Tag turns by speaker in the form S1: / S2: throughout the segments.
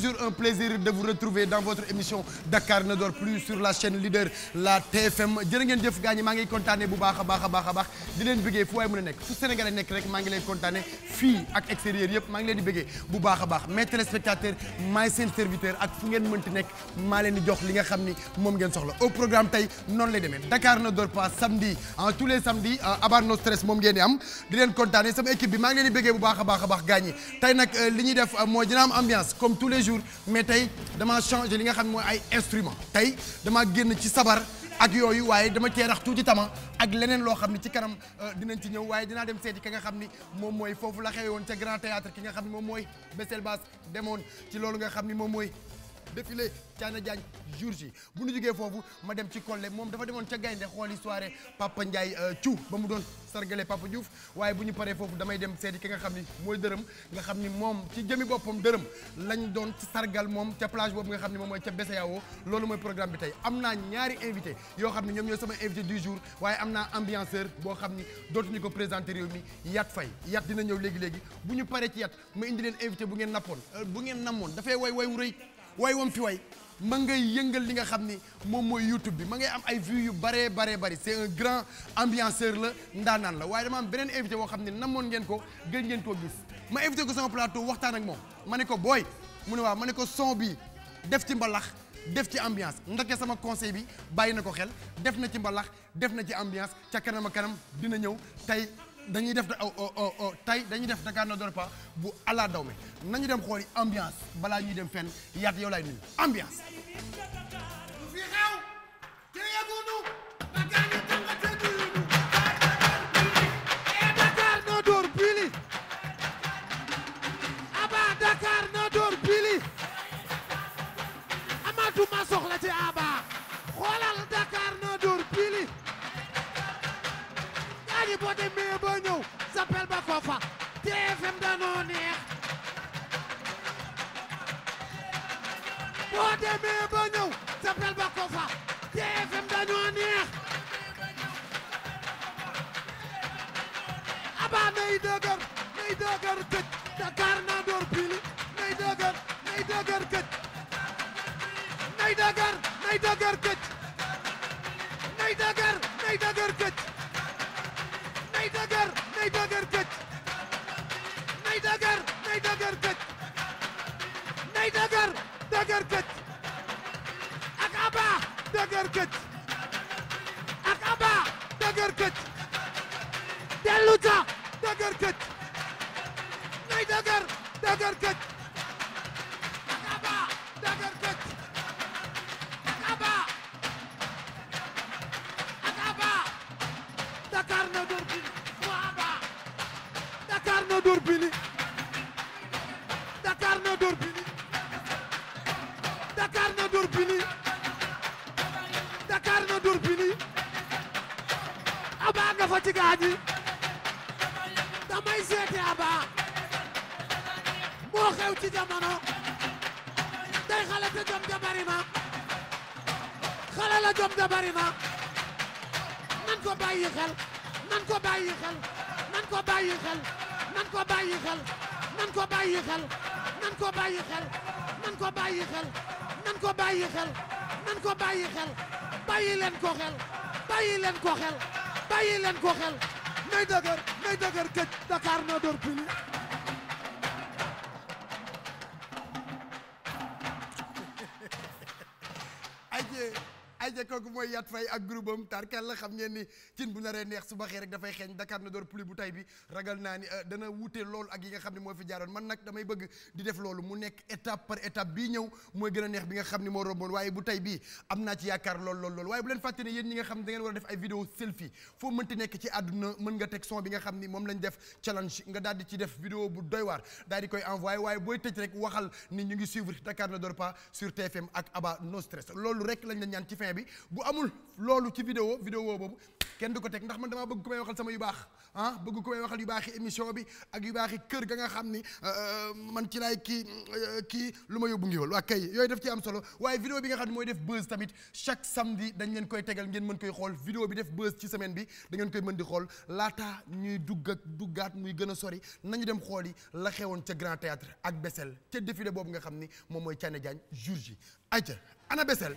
S1: toujours un plaisir de vous retrouver dans votre émission Dakar ne dort plus sur la chaîne leader la TFM jërë ngeen jëf gaa ñi maa ngi kontaane bu baax a baax a baax a di leen bëggee fu waaye mën a nekk fu sénégalais nekk rek maa ngi lay kontaane fii ak extérieur yëpp maa ngi leen di bëggee bu baax a baax mes téléspectateurs maay seen di jox li nga xam ni moom ngeen soxla au tey noonu lay demee Dakar ne dort pas samedi ah tous les samedis abar no stress moom ngeen am di leen kontaane sama équipe bi maa ngi a baax gaañi tey nag euh, li ñuy def euh, mooy dina am ambiance comme tous les jours mais tey dama changé li nga xam ne mooy ay instrument tey dama génn ci sabar ak yooyu waaye dama cee rax tuuti tama ak leneen loo xam ne ci kanam euh, dinañ ci ñëw waaye dinaa dem seeti ki nga xam ni moom mooy foofu la xewoon ca grand théâtre ki nga xam ni moom mooy Bessél Bass demoon ci loolu nga xam ni moom mooy défilé Caana Diagne jour ji bu ñu jugee foofu ma dem ci Collé moom dafa demoon ca gaynde xool soirée Papa Ndiaye euh, Thiou ba mu doon sargale Papa Diouf waaye bu ñu paree foofu damay dem seeti ki nga xam ni mooy dërëm nga xam ni moom ci jëmi boppam dërëm lañ doon ci sargal moom ca plage boobu nga xam ni moom mooy ca Besseyao loolu mooy programme bi tey am naa ñaari invité yoo xam ne ñoom ñooy sama invité du jour waaye am naa ambianceur boo xam ni dootuñu ko présenté réew mi Yat Faye Yat dina ñëw léegi-léegi bu ñu paree ci Yat ma indi bu ngeen nappoon euh, bu ngeen namoon dafay way way wu rëy way wam fi way ma ngay yëngal li nga xam ni moom mooy YouTube bi ma ngay am ay vues yu bare baree bari c'est un grand ambianceur la ndaanaan la waaye dama am beneen évité boo xam ne namoon ngeen ko gën ngeen koo gis ma invité ko sama plateau waxtaan ak moom ma ne ko booy mu ne waaw ma ne ko son bi def ci mbalax def ci ambiance ndake sama conseil bi bàyyi na ko xel def na ci mbalax def na ci ambiance ca kanam kanam dina ñëw dañuy def tey dañuy def Dakar ne dort pas bu ala daw nañu dem xooli ambiance balaa ñuy dem fenn yaat yow laay nuyu ambiance
S2: xoolal Dakar Paris boo demee ba ñëw s'appelle ba ko fa TFM danoo neex boo demee ba ñëw s'appelle ba ko fa TFM danoo neex aba nay dëgër nay dëgër këj Dakar na door pili nay dëgër nay dëgër këj nay dëgër nay dëgër këj nay dëgër nay dëgër këj nay dëgër nay dëgër gëj nay dëgër nay dëgër gëj nay dëgër dëgër gëj ak aba dëgër gëj ak aba dëgër gëj dellu ca dëgër gëj nay dëgër dëgër gëj ak aba dëgër gëj abaa nga fa ci gaañi damay seeti abaa moo xew ci jamono day xale te jom ja bari ma xale la jom ja bari ma nan ko bàyyi xel nan ko bàyyi xel nan ko bàyyi xel nan ko bàyyi xel nan ko bàyyi xel nan ko bàyyi xel nan ko bàyyi xel nan ko bàyyi xel nan ko bàyyi xel bàyyi leen ko xel bàyyi leen ko xel bàyyi leen ko xel nay dëgër nay dëgër gëj Dakar na door pili
S1: mooy Yat Faye ak groupe am tarkal la xam ngeen ni cin bu naree neex suba rek dafay xeeñ Dakar na door pluie bu tay bi ragal naa ni euh, dana wuute loolu ak yi nga xam ne moo fi jaaroon man nag damay bëgg di def loolu mu nekk étape par étape bii ñëw mooy gën a neex bi nga xam ne moo romboon waaye bu tay bii am naa ci yaakaar lool lool waaye bu leen fàtte ne yéen ñi nga xam ne da ngeen war a def ay vidéo selfie foo mënti nekk ci àdduna mën nga teg son bi nga xam moom lañ def challenge nga daal di ci def vidéo bu doy waar daal waaye booy tëj rek ni ñu ngi suivre Dakar ne dort pas sur rek lañ la ñaan ci fin bi amul loolu ci vidéo vidéo boobu kenn du ko teg ndax man dama bëgg ku may waxal sama yu baax ah bëgg ku may waxal yu baaxi émission bi ak yu i kër ga nga xam ni euh, euh, man ci laay kii euh, kii lu ma yóbbu ngiwal waa kay yooyu def ci am solo waaye vidéo bi nga xam ne mooy def buzz tamit chaque samedi dañ leen koy tegal ngeen mën koy xool vidéo bi def buzz ci semaine bi da ngeen xool laata ñuy dugg ak duggaat muy gën a sori nañu dem xool yi la xewoon ca Grand ak Bessel ca défilé boobu nga xam ni moom mooy Thiané Diagne jour ji ayca ana Bessel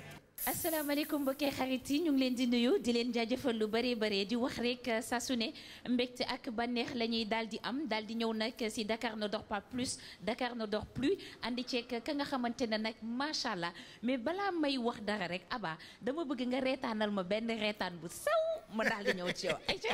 S3: asalaamaaleykum mbokki xarit yi ñu ngi leen di nuyu di leen jaajëfal lu bëree bëree di wax rek eh, saa su ne mbégte ak bànneex la ñuy daal di am daal di ñëw nag si Dakar na dort pas plus Dakar na dox plus andi ceeg ka nga xamante ne nag macha allah mais balaa may wax dara rek Aba dama bëgg nga reetaanal ma benn reetaan bu sew ma daal di ñëw ci yow ayca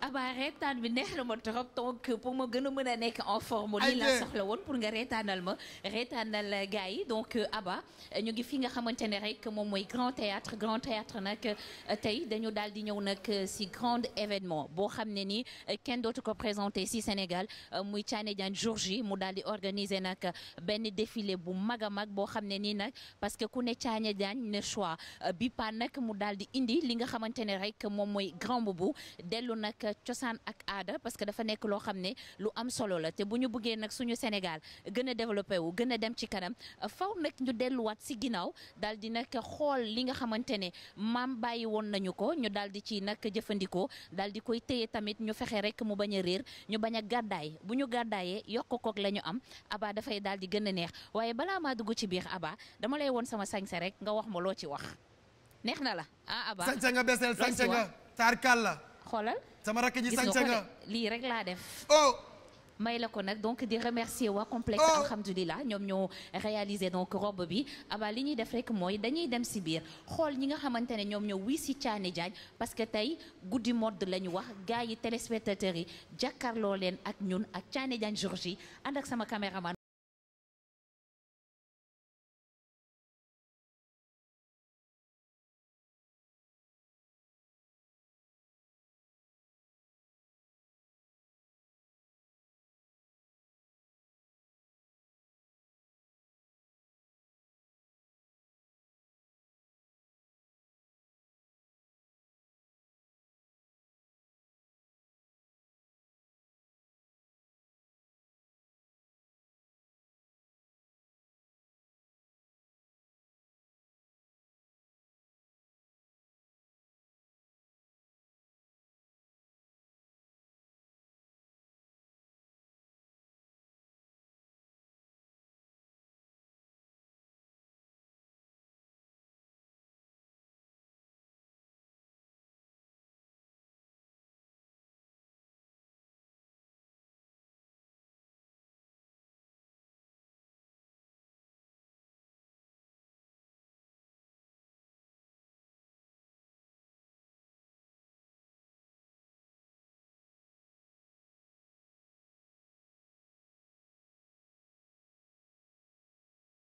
S3: abaa ah reetaan bi neex na ma trop donc pour ma gën a mën a nekk en forme lii la soxla woon pour nga reetaanal ma reetaanal euh, gars yi donc euh, aba ñu ngi fi nga xamante ne rek moom mooy grand théâtre grand théâtre nag euh, tey dañu daal di ñëw nag si grand événement boo xam ne ni kenn dootu ko présenté si Sénégal muy Thiané Diagne jour J mu daal di organiser nag benn défilé bu mag a mag boo xam ne nii nag parce que ku ne Thiané Diagne ne choix bi nag mu daal di indi li nga xamante ne rek moom mooy grand boubou dellu nag cosaan ak aada parce que dafa nekk loo xam ne lu am solo la te bu ñu bëggee nag suñu Sénégal gën a développé wu gën a dem ci kanam faw nag ñu delluwaat si ginnaaw daal di nag xool li nga xamante ne maam bàyyi woon nañu ko ñu daal di ci nag jëfandikoo daal di koy téye tamit ñu fexe rek mu bañ a réer ñu bañ a gàddaay bu ñu gàddaayee yokk koog la ñu am Aba dafay daal di gën a neex waaye balaa maa dugg ci biir Aba dama lay woon sama sañse rek nga wax ma loo ci wax xoolal.
S1: sama rakk ji sañse nga
S3: lii rek laa def. oh. may la ko nag donc di remercier waa complexe oh. alhamdulilah ñoom ñoo réaliser donc robe bi aba li ñuy def rek mooy dañuy dem si biir xool ñi nga xamante ne ñoom ñoo wii si Thiané Diagne parce que tey guddi modd la ñu wax gars yi téléspectateurs yi jàkkaarloo leen ak ñun ak Thiané Diagne
S4: jour ji ànd ak sama caméraman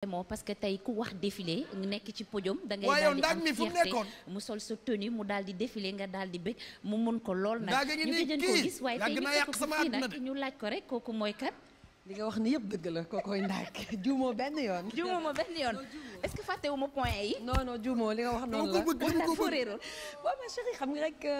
S4: exactement parce que tey ku wax défilé
S3: nekk ci podium. da ngay daal di am fierté mu sol sa tenue mu daal di défilé nga daal di bëgg mu mun ko lool nag. ñu gëjoon ko gis waaye tey ñu fekk ko fii nag ñu laaj ko rek kooku mooy kat. li nga wax ni yëpp dëgg la kokoy ndàkk juumoo benn yoon. juumoo ma benn yoon est-ce que
S5: fàtte wu ma point yi. non non juumoo li nga wax
S6: noonu la. dama ko
S3: bëgg
S5: waaw ma chérie xam nga rek euh,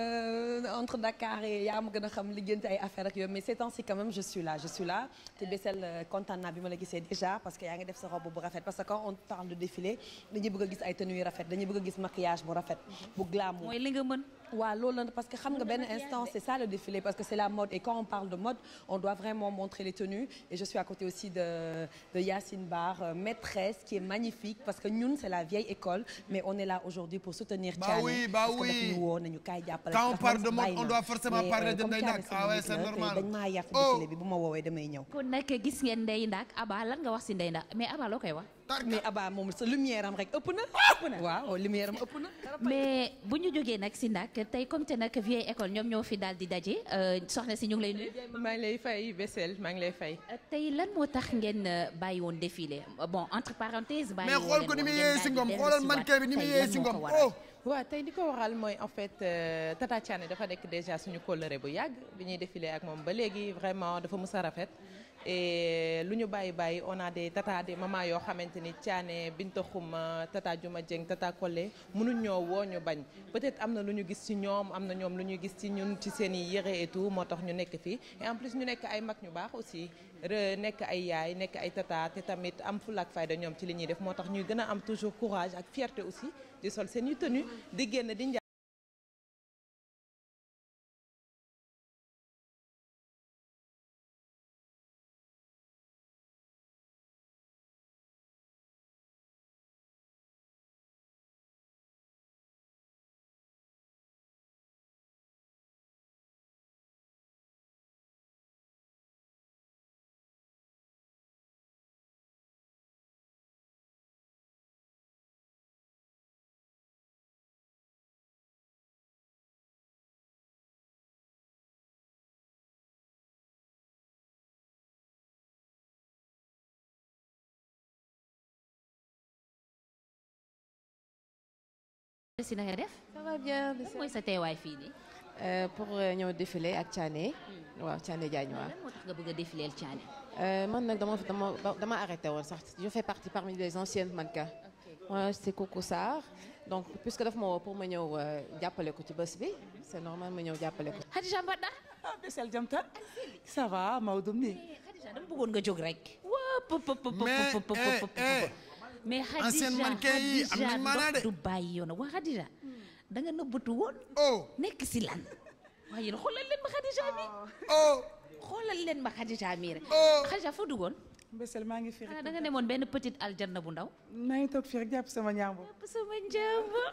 S5: euh, entre Dakar et yaa ma gën a xam liggéeyante ay affaire ak yooyu mais ces temps-ci quand même je suis là je suis là te Bessel euh, kontaan naa bi ma la gisee déjà parce que yaa ngi def sa robe bu rafet parce que quand on parle de défilé dañuy bëgg a gis ay tenues yu rafet dañuy bëgg a gis maquillage bu rafet bu glamour. mooy li nga mën. waaw loolu la parce que xam nga benn instant c'est ça le défilé parce que c'est la mode et quand on parle de mode on doit vraiment montrer les tenues et je suis à côté aussi de de Bar euh, maîtresse qui est magnifique parce que ñun c'est la vieille école mais on est là aujourd'hui pour soutenir Thiané. bah oui bah oui woo nañu kaay jàppale. quand on parle de mode doit forcément parler euh, de Ndeye Ndack ah ouais c'est normal dañ maa yàq oh. défilé bi bu ma woowee damay ñëw.
S3: kon nag gis ngeen Ndeye Ndack Aba lan nga wax si Ndeye Ndack mais Aba loo koy wax. mais Abba
S5: moom sa lumière am rek ëpp na. Ah! ëpp waaw lumière am ëpp
S3: na. mais bu ñu jógee nag si ndak tey comme te nag vieille école ñoom ñoo fi daal di daje euh, soxla si ñu ngi lay maa ngi lay fay Bessel maa ngi lay fay. tey lan moo tax ngeen euh, bàyyi woon défilé bon entre parenthèses. bàyyi
S7: woon mais xool ko ni muy yee si oh! ko waral mooy en fait euh, Tata Thiané dafa nekk déjà suñu kóllëre bu yàgg bi ñuy défilé ak moom ba léegi vraiment dafa mës a rafet. et lu ñu bàyyi bàyyi on a des tata des yoo xamante ni Thiané Binta Xuma tata Juma Dieng tata Collé mënuñ ñoo woo ñu bañ peut-être am na lu ñu gis ci ñoom am na ñoom lu ñu gis ci ñun ci seen i yére et moo tax ñu nekk fii et en plus ñu nekk ay mag ñu baax aussi nekk ay yaay nekk ay tata te tamit am fulla ak fayda ñoom ci li ñuy def moo tax ñuy
S4: gën a am toujours courage ak fierté aussi di sol seen i tenue di génn di si na nga def. ça va bien monsieur mooy sa
S3: teewaay
S7: fii nii. pour ñëw défilé ak Thiané. waaw Thiané Diagne
S3: waaw. lan moo tax nga bëgg a
S7: défilé ak Thiané. man nag dama dama dama arrêté woon sax je fais partie parmi les anciennes mannequins. ok moi c'est Coco Sarr. donc puisque daf ma woo pour ma ñëw jàppale ko ci bés bi. c'est normal ma ñëw jàppale ko. Khadija Mbada. ah Bessel Jamta. ça va Maodo
S3: Mbengue. Khadija dama bëggoon nga jóg rek. waa pop pop pop pop pop mais Khadija Khadija du bàyyi yoon waa Khadija hmm. da nga nëbbatu woon. Oh. nekk si lan. waaye yéen xoolal leen ma Khadija mi. Oh. oh xoolal leen ma Khadija mi rek. oh Khadija foo duggoon. Mbesel maa ngi fi rek da nga demoon benn petite aljanna bu ndaw. maa
S7: ngi toog fii sama njàmbur. jàpp
S3: sama njàmbur.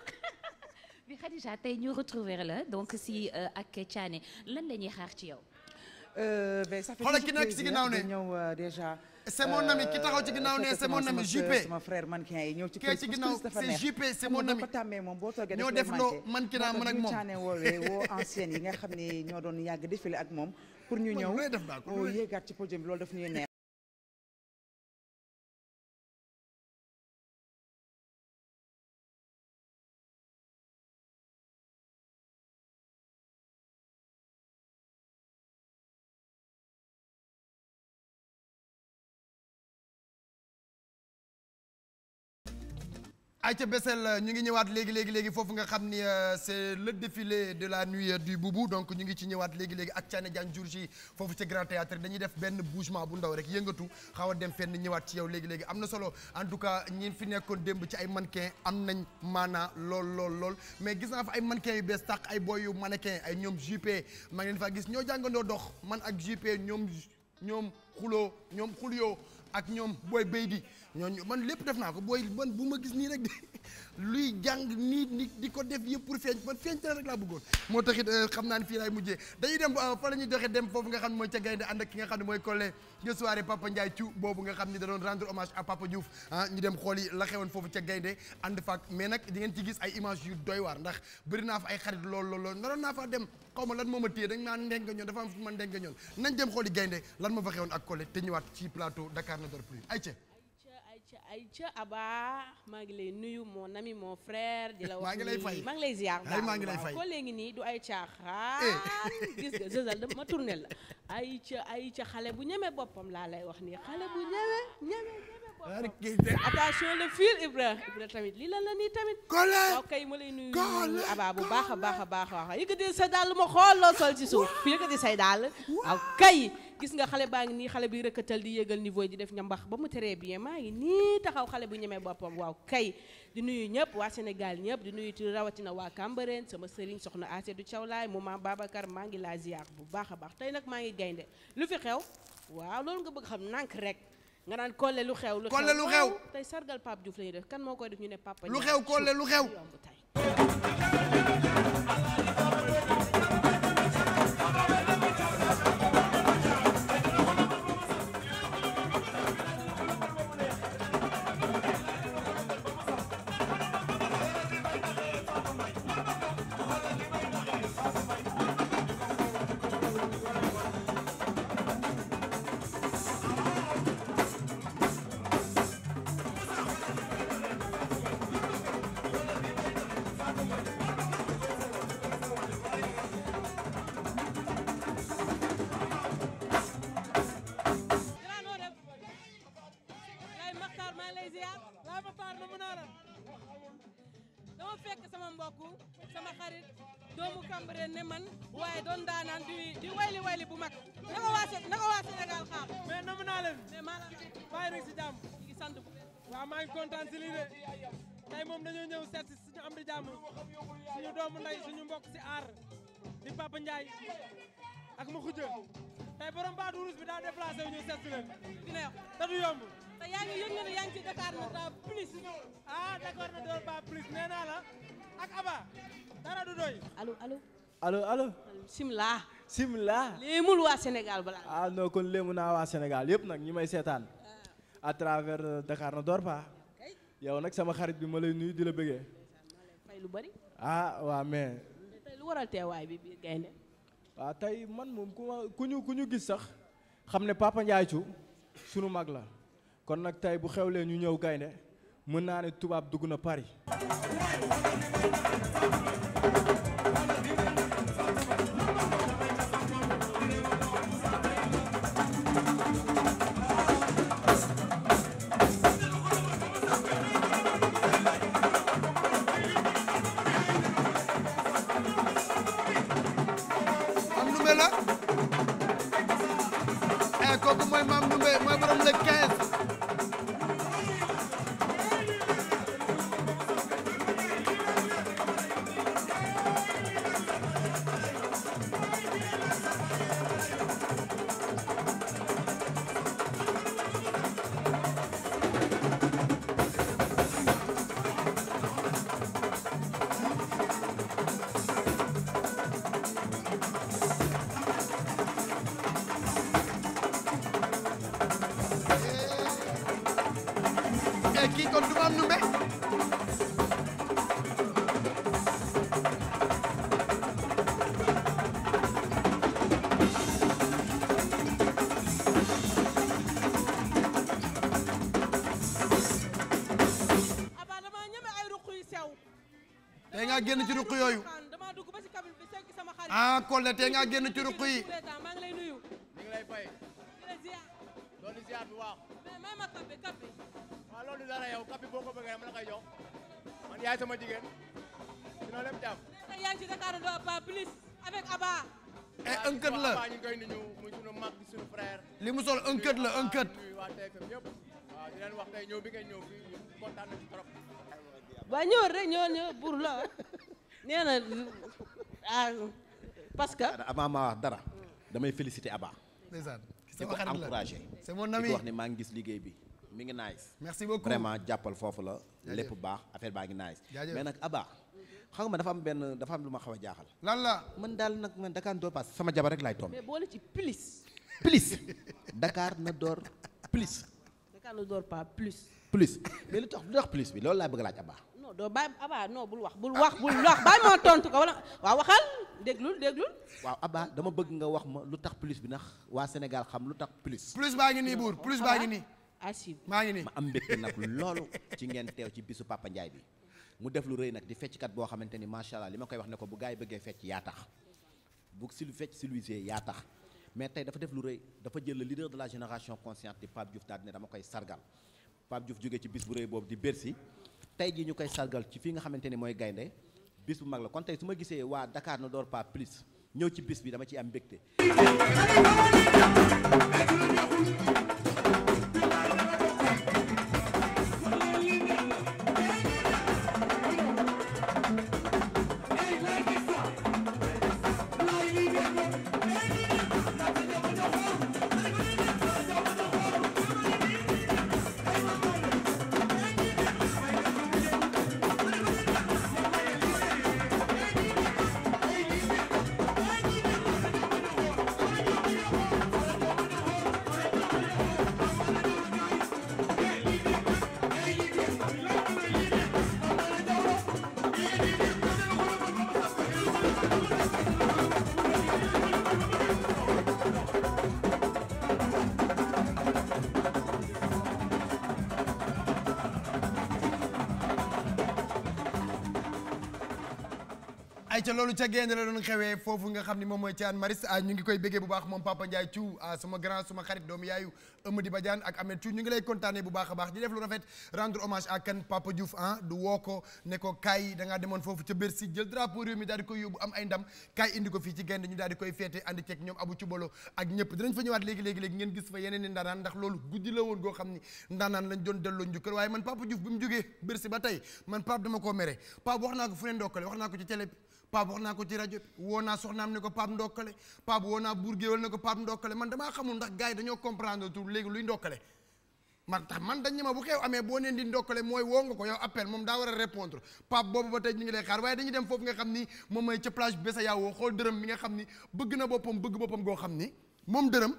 S3: tey ñu retrouver la donc si euh, ak Thiané lan la ñuy xaar ci yow.
S7: Euh, xoolal ki nekk si ginnaaw ne
S2: euh, c'est mon ami ki taxaw ci ginnaaw ne c'est mon ami JP sama frère mannequin yi ñëw ci
S7: kii ci ginnaaw c'est JP c'est mon ami
S8: ñoo def loo mannequinat man ak moom caane woowee woo
S4: yi nga xam ne ñoo doon yàgg défilé ak moom pour ñu ñëw oh, yéegaat ci podium bi loolu daf ñuy neex Aïcha Bessel euh, ñu ngi ñëwaat léegi léegi léegi foofu nga xam ni euh, c'est le défilé
S1: de la nuit euh, du boubou donc ñu ngi ci ñëwaat léegi léegi ak Thiané Diagne jour ji foofu ci Grand Théâtre dañuy def benn bougement bu ndaw rek yëngatu xaw a dem fenn ñëwaat ci yow léegi léegi am na solo en tout cas ñi fi nekkoon démb ci ay mannequin am nañ maanaa lool lool lool mais gis naa fa ay mannequin yu bees tàq ay booy yu mannequin ay ñoom JP maa ngi faa gis ñoo jàngandoo dox man ak JP ñoom ñoom xuloo ñoom xuluyoo ak ñoom booy béy ñooñu man lépp def naa ko booy man bu ma gis nii rek luy jàng nii ni di ko def yëpp pour feeñ man feeñ rek laa bëggoon moo taxit euh, xam naa ne fii laay mujjee dañuy dem euh, fa la ñuy doxee dem foofu nga xam ne mooy ca gaynde ki nga xam ne mooy collé de soirée Papa Ndiaye Thiou boobu nga xam ne da doon rendre hommage à Papa Diouf ah ñu dem di ngeen ci gis ay image yu doy waar ndax bëri naa fa ay xarit lool lool lool naroon naa fa dem xaw lan moo ma téye dañ maa am fu ma ndeng ñoon nañ dem xool yi lan ma fa xewoon ak collé te ñëwaat ci plateau Dakar na dort plus ay
S7: ay Aïcha Aba maa ngi lay nuyu mon ami mon frère. di la wax nii maa ngi lay ziar. maa ngi lay fay ko léegi nii du ay caaxaan. Eh. gis nga zëzal da ma tourné la. Aïcha Aïcha xale bu ñeme boppam laa lay wax nii xale bu ñeme ñeme ñeme boppam. attention le fil Ibra Ibra tamit lii lan la nii tamit. Kole kay lay nuyu Aba bu baax a baax a baax a baax yëkkati sa dàll ma xool loo sol ci suuf yëkkati say dàll. waaw kay. gis nga xale baa ngi nii xale bi rëkkatal di yëgal niveau di def ñambax ba mu teree bien maa ngi nii taxaw xale bu ñemee boppam waaw kay di nuyu ñëpp waa Sénégal ñëpp di nuyu ci rawatina waa Cambérène sama sëriñ soxna du Thiaw Laay mu maam Babacar maa ngi laa ziar bu baax a baax tey nag maa ngi gaynde lu fi xew waaw loolu nga bëgg xam nànk rek nga naan kolle lu xew lu kolle lu xew tey sargal Pape Diouf la ñuy def
S1: kan moo koy def ñu ne papa lu xew kolle lu xew
S7: nekk si jàmm ñu de
S9: tey moom dañoo ñëw seet suñu am di jàmm suñu doomu nday suñu mbokk si aar di Papa Ndiaye ak ma xuja tey borom baatu ruus bi daa déplacé ñu seet si leen dina te du yomb te yaa ngi yëg yaa ngi ci Dakar na ta plus
S7: ah Dakar na door ba plus nee naa la ak Aba dara du doy allo allo
S10: allo allo léemul waa Sénégal balaa ah non kon léemu naa waa Sénégal yëpp nag ñi may seetaan à travers euh, Dakar ne dort yow nag sama xarit bi ma lay nuyu di la bëggee. fay lu bari. ah waa mais. tey lu teewaay bi biir tey man moom ku ma ku ñu ku ñu gis sax xam ne Papa Ndiaye Thiou sunu mag la kon nag tey bu xewlee ñu ñëw gaynde mën naa ne tubaab dugg na Paris.
S4: pare te ngaa génn ci ruq yi
S10: waaw loolu dara yow kapi boo ko bëggee ma la koy jox man yaay sama jigéen sinon lépp jàmm. yaa eh, ngi ci Dakar doo pas
S11: plus avec Abba.
S10: et ënkët la
S11: ñu ngi koy nuyu muy sunu mag bi sunu frère.
S1: li mu sol ënkët la ënkët.
S11: waa TFM ñëpp waaw di leen wax tey ñëw bi ngay ñëw fii ñu kontaan nañu trop.
S10: waaw ñëw rek ñëw ñëw pour la nee na ah. parce que avant ma wax dara damay félicité Abba.
S1: ndeysaan di ko encourager.
S10: c'est mon ami di wax ne maa ngi gis liggéey bi mi ngi nice. merci beaucoup vraiment jàppal foofu la. lépp baax affaire baa ngi nice. mais nag Abba. xam nga dafa am benn dafa am lu ma xaw a jaaxal. lan la man daal nag man Dakar door pass sama jabar rek laay tombé. mais
S7: boole ci plus.
S10: plus Dakar na door plus. Dakar na door pas plus. plus mais lu tax lu tax plus bi loolu laa bëgg laaj Abba.
S7: doo bàyyi Abba non bul wax bul wax bul wax bàyyi moo tontu ko wala waaw waxal déglul déglul.
S10: waaw Abba dama bëgg nga wax ma lu tax plus bi ndax waa Sénégal xam lu tax plus. plus baa ngi nii buur plus baa ngi nii. asib ah, maa ngi nii ma am mbégte nag loolu ci ngeen teew ci bisu Papa bi mu def lu rëy nag di fecckat boo xamante ni macha allah li ma koy wax ne ko bu gars yi bëggee fecc yaa tax bu si lu fecc si lu yaa tax mais tey dafa def lu rëy dafa jël le de la génération consciente di ne dama koy sargal Pape Diouf jógee ci bis bu rëy boobu di Bercy tey jii ñu koy sargal ci fii nga xamante ne mooy gaynde bis bu mag la kon tey su ma gisee waa Dakar ne dort pas plus ñëw ci bis bi dama ciy am mbégte
S1: ca loolu ca génn la doon xewee foofu nga xam ni moom mooy Anne Maris ah, ngi koy béggee bu baax mom Papa Ndiaye Thiou ah, suma grand suma xarit doomu yaayu Amady Badiane ak Ahmed Thiou ñu ngi lay kontaanee bu baax a baax di def lu rafet rendre hommage à kan Papa Diouf ah du woo ko ne ko kaay da ngaa demoon foofu ca Bercy jël drapeau réew mi daal koy yóbbu am ay ndam kaay indi ko fii ci gaynde ñu daal koy feete andi ceeg ñoom abu ci ak ñëpp dinañ fa ñëwaat léegi léegi ngeen gis fa yeneen ni ndaanaan ndax loolu guddi la woon goo xam ni ndaanaan lañ doon delloo njukkal waaye man Papa Diouf bi mu jógee léegi luy ndokkale man tax man dañ ne ma bu xew amee boo neen di ndokkale mooy woo nga ko yow appel moom daa war a répondre pape boobu ba tey ñu ngi lay xaar waaye dañuy dem foofu nga xam ni moom dërëm nga xam ni bëgg na boppam bëgg boppam goo xam ni moom dërëm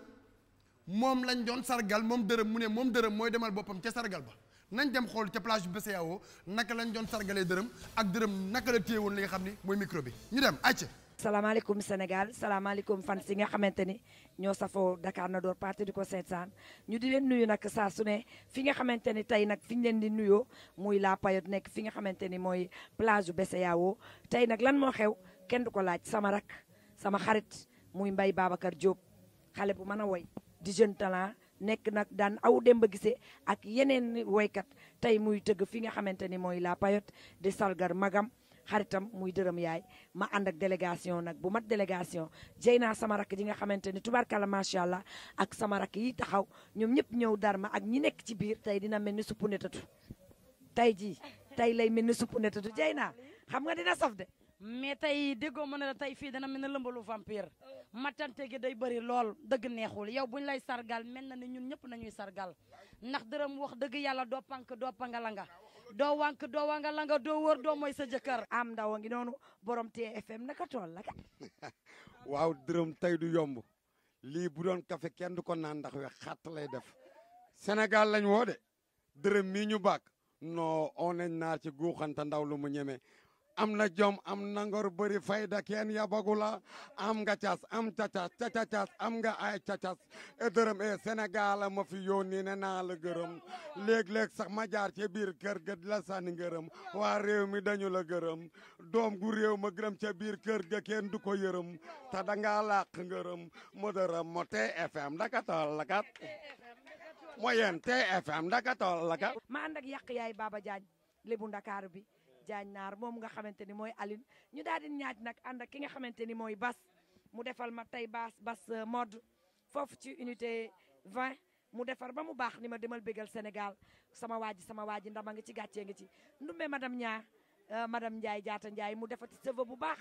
S1: moom lañ doon sargal moom dërëm mu ne moom dërëm mooy demal boppam ca sargal ba nañ dem xool ca plage besa yaawoo naka lañ doon sargalee dërëm ak dërëm naka la téye woon li nga xam ni mooy micro bi ñu dem acca
S5: salaamaaleykum Sénégal salaamaaleykum fan si nga xamante ni ñoo safoo Dakar na door parti di ko seetaan ñu di leen nuyu nag saa su ne fi nga xamante ni tey nag fi ñu leen di nuyoo muy la période nekk fi nga xamante ni mooy plage bu Besseyaawo tey nag lan moo xew kenn du ko laaj sama rak sama xarit muy mbay Babacar Diop xale bu mën a woy di jeune talent nekk nag daan aw Demba Guissé ak yeneen woykat tey muy tëgg fi nga xamante ni mooy la période di salgar magam xaritam muy dërëm yaay ma ànd ak délégation nag bu mat délégation jëy naa sama rakk ji nga xamante ni tubaarkàlla macha allah ak sama rakk yi taxaw ñoom ñëpp ñëw darma ak ñi nekk ci biir tey dina mel ni suppu netatu tey jii tey lay mel ni suppu netatu jëy naa xam nga dina saf de. mais tey déggoo ma ne la tey fii dana mel ne lëmbalu vampire matante gi day bëri lool dëgg neexul yow buñ lay sargal mel na ni ñun ñëpp na ñuy sargal ndax dërëm wax dëgg yàlla doo pank doo pangalanga doo wànq doo wanga langa doo wër doo mooy sa jëkkër am ndaw ngi noonu borom TFM naka tool ka
S9: waaw dërëm tey du yomb lii bu doon café kenn du ko naan ndax we xatt lay def senegal lañ woo de dërëm mii ñu baak non on nañ naar ci guuxante ndaw lu mu ñeme am na jom am na bari bëri fayda kenn yabagu la am nga am cacas cacacas am nga ay cacas e dërëm e Sénégal ma fi yónni naa la gërëm léeg-léeg sax ma jaar ci biir kër ga di la sànni ngërëm waa réew mi dañu la gërëm doom gu réew ma gërëm ca biir kër ga kenn du ko yërëm te dangaa làq ngërëm mu dërëm mo TFM daka tool la kat mo yéen TFM daka tool la kat
S5: ma ànd ak yaay Baba Diagne lébu Ndakaaru bi jaañ naar moom nga xamante ni mooy Aline ñu daal di ñaaj nag ànd ak ki nga xamante ni mooy Bas mu defal ma tey Bas Bas euh, mode foofu ci unité 20 mu defar ba mu baax ni ma demal bégal Sénégal sama waaj sama waa ji ndama ngi ci gàccee ngi ci ndumbe madame ñaa euh, madam Ndiaye jaata Ndiaye mu defati seve bu baax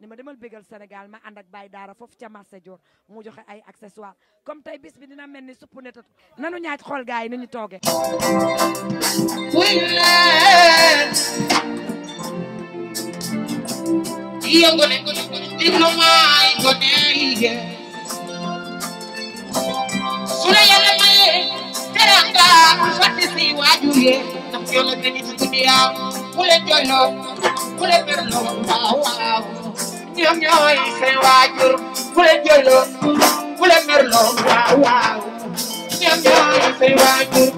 S5: ni ma demal bégal Sénégal ma ànd ak Baye Daara foofu ca marché Dior mu joxe ay accessoire comme tey bis bi dina mel ni supp ne tatu nanu ñaaj xool gars yi ni ñu
S6: iya gone diploma yi gone yi de su la yàlla
S2: maye teranga ku fàtte si waajur ye ndax yoon la gën ci duniya ku leen jooyloo ku leen merloo waaw waaw ñoom ñooy seen waajur ku leen jooyloo
S6: ku leen merloo waaw waaw ñoom ñooy seen waajur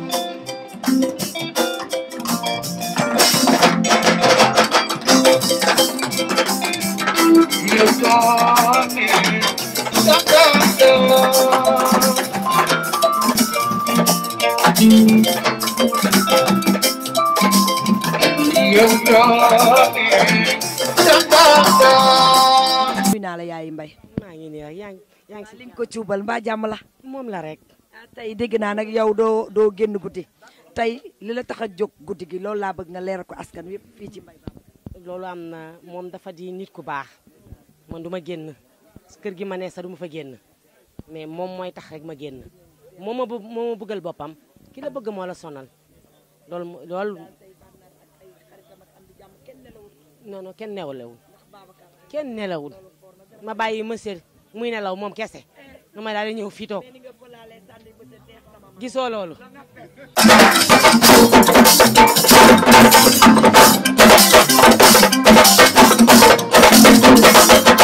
S6: naa
S5: la yaay mbay maa ngi ko cuubal mbaa jàmm moom la rek ah, dégg naa nag yow doo doo guddi tey gi loolu laa bëgg nga leer ko askan wi
S7: am na moom dafa di nit ku baax man du ma génn kër gi ma ne sax du ma fa génn mais moom mooy tax rek ma génn moo ma moo bëggal boppam ki bëgg moo la sonal loolu loolu non kenn nelawul
S5: kenn nelawul
S7: ma bàyyi ma monsieur muy nelaw moom kese nu ma daal di ñëw fii toog gisoo loolu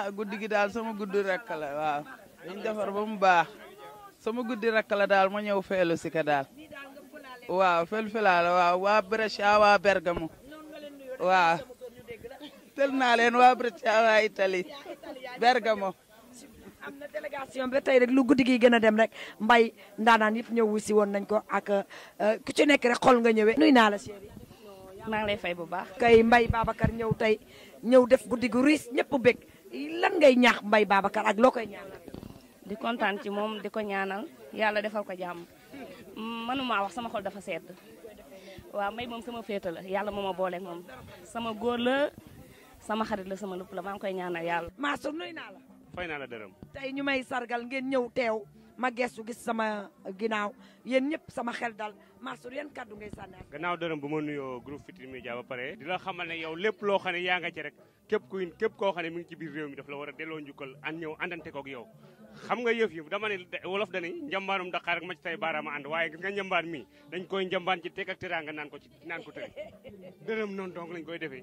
S7: ah guddi gi
S9: daal sama guddi rakk la waaw dañ defar ba mu baax sama guddi rakk la daal ma ñëw feelu si ka daal waaw fel felaa waaw waa Brescia waa Bergamo
S6: waaw
S5: tel naa leen waa Brescia waa Italie Bergamo lu guddi gi gën a dem rek mbay ndaanaan yëpp ñëw wusi woon nañ ko ak euh, ku ci nekk rek xol nga ñëwee nuy naa la chéri maa fay bu baax kay mbay Babacar ñëw tey ñëw def guddi gu riis ñëpp bég lan ngay ñaax Mbaye Babacar ak loo koy ñaanal. di kontaan ci moom di ko ñaanal yàlla defal ko jàmm
S3: mënuma wax sama xol dafa sedd waaw may moom sama féetal yàlla moo ma booleeg
S5: moom sama góor la sama xarit la sama lépp la maa ngi koy ñaanal yàlla. Masou nuy naa la. fay naa la dërëm. tey ñu may sargal ngeen ñëw teew ma gestu gis sama ginnaaw
S9: yéen ñëpp sama xel dal.
S5: Mansour yan kaddu ngay sànni
S9: gannaaw dërëm bu ma nuyoo groupe Futurs Médias ba pare di la xamal ne yow lépp loo xam ne yaa nga ci rek képp kuy koo xam ne mi ngi ci biir réew mi daf la war a delloo njukkal an ñëw àndante kook yow xam nga yëf yi dama ne wolof dani njambaarum daqaar ak ma ci tay baaraama ànd waaye gis nga njambaan mi dañ koy njambaan ci teg ak teraanga naan ko ci naan ko tëri dërëm noonu donc lañ koy defee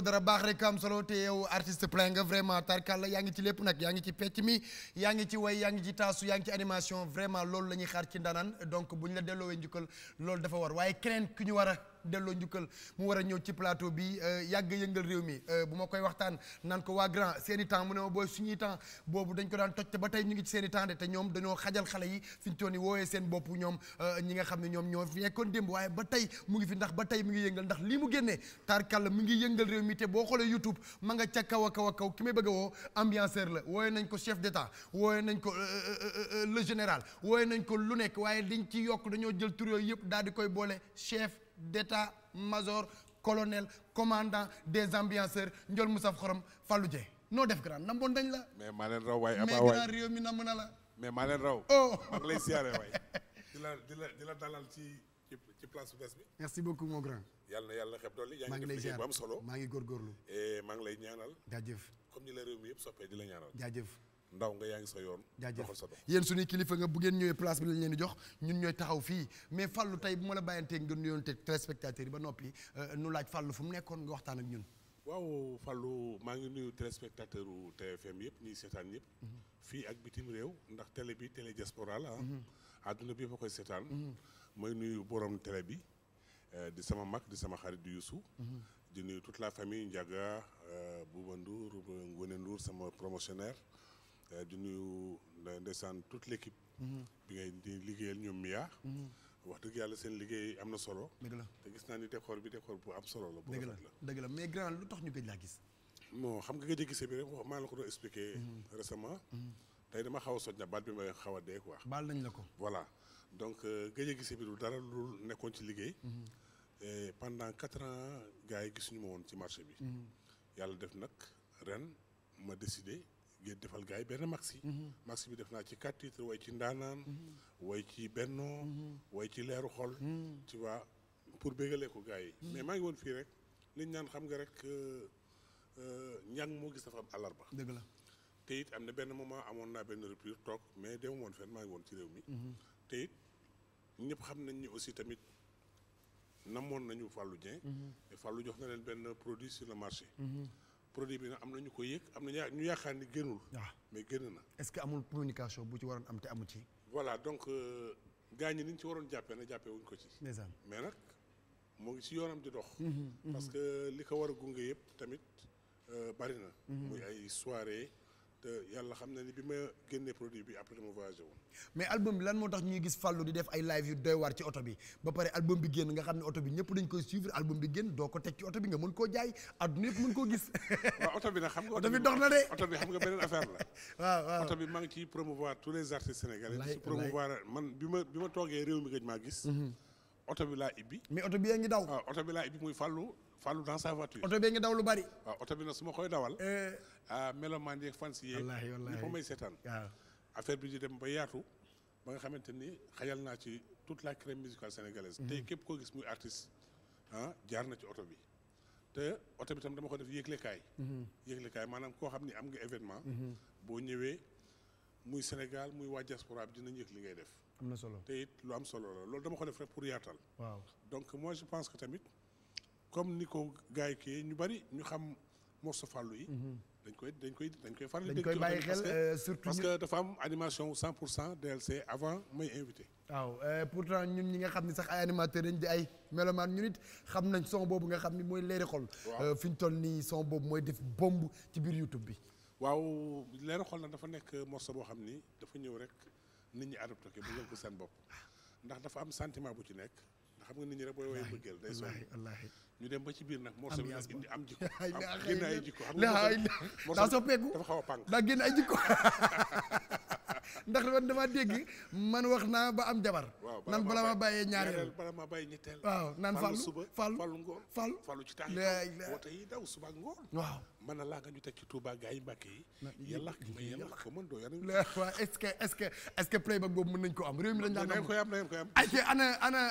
S1: déggoo dara baax rek am solo te yow artiste plein vraiment tarkal la yaa ci lépp nag yaa ci pecc mi yaa ci way yaa ci taasu yaa ci animation vraiment loolu la ñuy ci ndanaan donc bu ñu la delloowee njukkal loolu dafa war waaye keneen ku ñu war delloo njukkal mu war a ñëw ci plateau bi euh, yàgg yëngal réew mi euh, bu ma koy waxtaan naan ko waa grand seeni temps mu ne ma booy suñuy temps boobu dañ ko daan toj te ba tey ñu ngi ci seeni temps de te ñoom dañoo xajal xale yi fi ñu toon yi seen bopp ñoom euh, ñi nga xam ne ñoom ñoo fi nekkoon démb waaye ba tey mu ngi fi ndax ba tey mu ngi yëngal ndax lii mu génnee tarkal mu ngi yëngal réew mi te boo xoolee YouTube ma nga ca kaw a kaw a kaw ki may bëgg a woo ambianceur la wooye nañ ko chef d'état wooye nañ ko le général wooye nañ ko lu nekk waaye dañ ci yokk dañoo jël tur yëpp daal di koy boole chef d'état-major colonel commandant des ambianceurs mu Moussa Xorom Fallou Dieng noo def grand nam boon dañ la. mais
S12: maa leen raw waay abaa waay mais grand
S1: réew mi namm na la. mais maa leen raw. oh maa ngi lay siyaare waay.
S12: di la di la di la dalal ci ci place bu bees bi. merci beaucoup yàlla yàlla xeb dolli. maa ngi lay ziar yaa am solo. maa ngi góorgóorlu. Eh, maa ngi lay ñaanal. jaajëf comme ni la réew mi yëpp soppee di la ñaanal. jaajëf. ndaw nga yaa ngi sa yoon. jaajëfal sa
S1: bopp yéen suñuy kilifa nga bu ngeen ñëwee place bi lañ leen di jox ñun ñooy taxaw fii mais Fallou tey bu ma la bàyyanteeg nga nuyonteeg téléspectateur yi ba noppi euh, nu laaj Fallou fu mu nekkoon nga waxtaan ak ñun.
S12: waaw Fallou maa ngi nuyu téléspectateur u TFM yëpp ñuy seetaan ñëpp. Mhm. fii ak bitim réew ndax télé bi télé diaspora la ah. mhm. àdduna bi fa koy seetaan. mooy mhm. nuyu borom télé bi euh, di sama mag di sama xarit di Youssou. di nuyu tout la famille Ndiaga euh, Bouba Ndour Ngone sama promotionnaire. Eh, di nu ndeysaan toute l' équipe. Mhm. bi ngay di liggéeyal ñoom Mia. Mhm. wax dëgg yàlla seen liggéey am na solo. dëgg la te gis naa ni décor bi décor bu am solo la. bu rafet
S1: la la mais grand lu tax ñu gëj laa gis. bon
S12: xam nga gëj a gisee bi rek wax maa la ko doon expliqué. Mhm. récemment. tey dama xaw a soj na baat bi may xaw a dee quoi. baal nañ la ko. voilà donc euh, gëj a gisee bi du dara lu nekkoon ci liggéey. pendant quatre ans gars yi gisuñu ma woon ci marché bi. yàlla def nag ren ma décidé. ngeen defal gars yi benn maxi. Mhm. maxi bi def naa ci quatre titres way ci ndaanaan. Mhm. way ci bennoo. Mhm. way ci leeru xol. tu vois pour bégalee ko gars yi. mais maa ngi woon fii rek liñ naan xam nga rek euh, euh, ñang moo gis dafa am àllarba. dëgg la te it am na benn moment amoon naa benn rupture toog mais dem moon fenn maa ngi woon ci réew mi. te it xam nañ ni aussi tamit. namoon nañu Fallou Dieng. et jox na leen benn produit sur le marché. produit bi nag am na ñu ko yëg am na ñu yaakaar ni génnul. waaw ah. mais génn na.
S1: est-ce que amul communication bu ci waroon am te amu ci.
S12: voilà donc euh, gars ñi ni ñu ci waroon jàppee na jàppee wuñ ko ci. mais nag moo ngi ci yoonam di dox. Mm-hmm, mm-hmm. parce que li ko war a gunge yëpp tamit euh, bari na. Mm-hmm. muy ay soirée. te yàlla xam na ni bi ma génnee produit bi après
S1: dama mais album bi lan moo tax ñuy gis Fallou di def ay live yu doy waar ci oto bi ba pare album bi génn nga xam ne oto bi ñëpp dañ koy suivre album bi génn doo ko teg ci oto bi nga mën koo jaay àdduna yëpp mën koo gis.
S12: waaw oto bi nag xam nga dox na de. oto bi xam nga beneen affaire la. waaw waaw oto bi maa promouvoir tous les artistes sénégalais. bi ma bi toogee réew mi gëj maa gis. Mhm. oto bi laa ibbi. mais oto bi yaa bi laa ibbi muy Fallou. Fallou dans sa oto daw lu bari. waaw bi nag su ma koy dawal. Eh. ah melomaan yeeg fan si yeeg. wallaahi wallaahi ko may seetaan. waaw affaire bi di dem ba yaatu. ba nga xamante ni xajal naa ci toute la crème musicale sénégalaise. Mhm. tey képp ko gis muy artiste. ah jaar na ci oto bi. te oto bi tam dama ko def yëglekaay. Mhm. yëglekaay maanaam koo xam ni am nga événement. Mhm. boo ñëwee muy Sénégal muy waa diaspora bi dinañ yëg li ngay def. am na solo te it lu am solo la loolu dama ko def rek pour yaatal. waaw donc moi je pense que tamit. comme ni ko gars yi kii ñu bari ñu xam morceau Fallou yi. Mhm. dañ koy dañ koy dañ koy faral di. dañ koy bàyyi xel euh, surtout parce que dafa am animation
S1: 100 pour cent DLC avant may invité. waaw euh, pourtant ñun ñi nga xam ne sax ay animateur dañ di ay mélomane ñun it xam nañ son boobu nga xam ni mooy leeri xol. waaw euh, fi ñu toll nii son boobu mooy def bomb ci biir YouTube bi.
S12: waaw leeri xol nag dafa nekk morceau boo xam ni dafa ñëw rek nit ñi adopté ko ba jël ko seen bopp ndax dafa am sentiment bu ci nekk ndax xam nga nit ñi rek booy woy bëggeel day sonn. ñu dem ba ci biir nag morso bi nag indi am jikko am génn ay jikko xam nga morso daa soppeeku dafa xaw a génn ay jikko
S1: ndax man damaa dégg man wax naa ba am jabar nan bala ma bàyyee ñaareel
S12: bala ma bàyyee ñetteel waaw naan fàllu suba fàllu fàllu ngoon fal fàllu ci tax woote yi daw suba ak ngoon waaw man na laa nga ñu teg ci Touba gaa yi Mbàkke yi yàlla ma yàlla ko mën doo yàlla
S1: waaw est-ce que est-ce que
S4: est-ce que mën nañ ko am réew mi dañ daan koy am koy am ay ana ana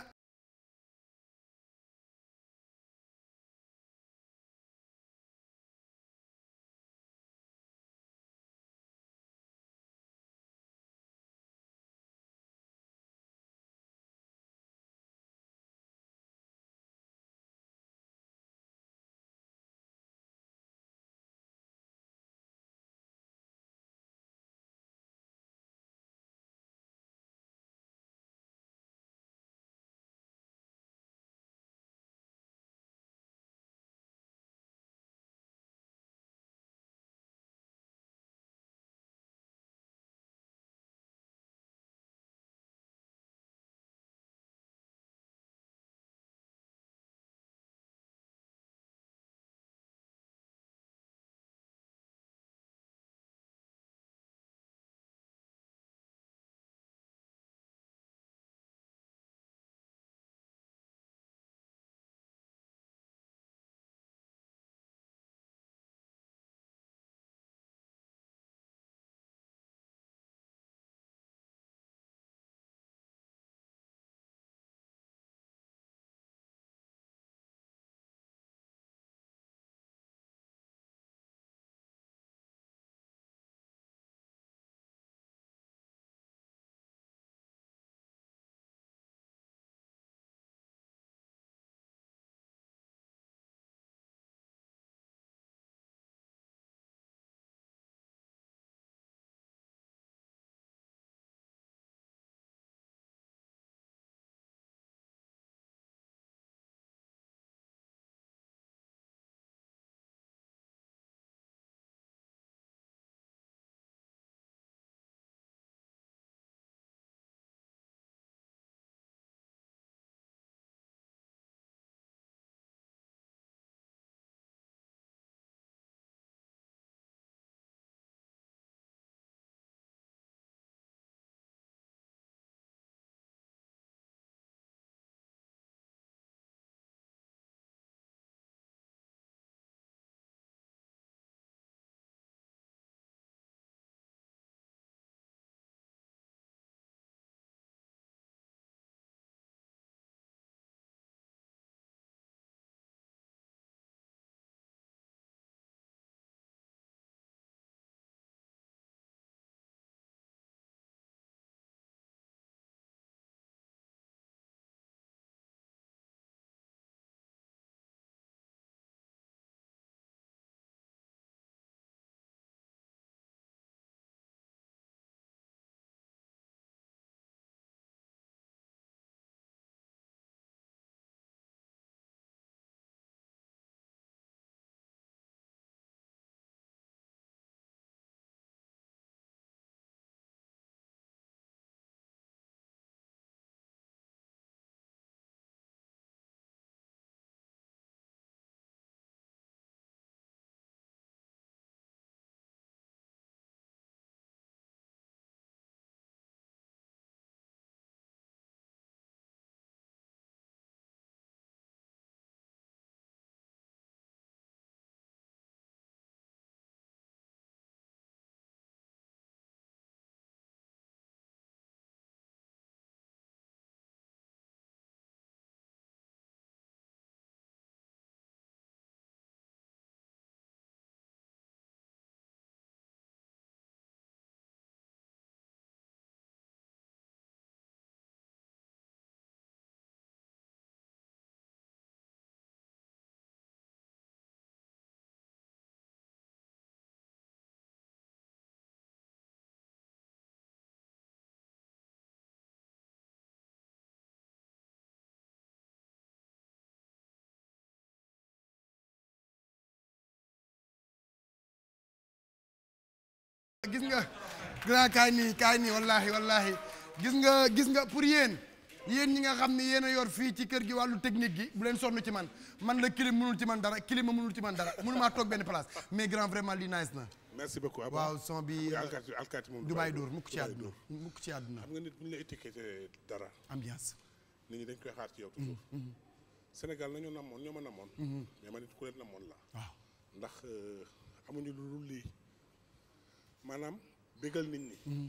S4: gis nga grand kaay nii kaay nii wallaahi
S1: wallaahi gis nga gis nga pour yéen yéen ñi nga xam ne yéen a yor fii ci kër gi wàllu technique gi bu leen sonn ci man man la clim mënul ci man dara clim ma mënul ci man dara mënumaa toog benn place mais grand vraiment lii nice na.
S12: merci beaucoup Abba ah waaw son bi alkaati alkaati moom. Dubaay Dóor mukk ci àdduna mukk ci àdduna. xam nga nit bu ñu la étiqueté dara. ambiance. nit ñi dañ koy xaar ci yow. toujours mm, mm. Sénégal nañu namoon ñoo ma namoon. Mm-hmm. mais man it ku leen namoon la. waaw ndax euh, amuñu lii. maanaam bégal nit ñi. Mm-hmm.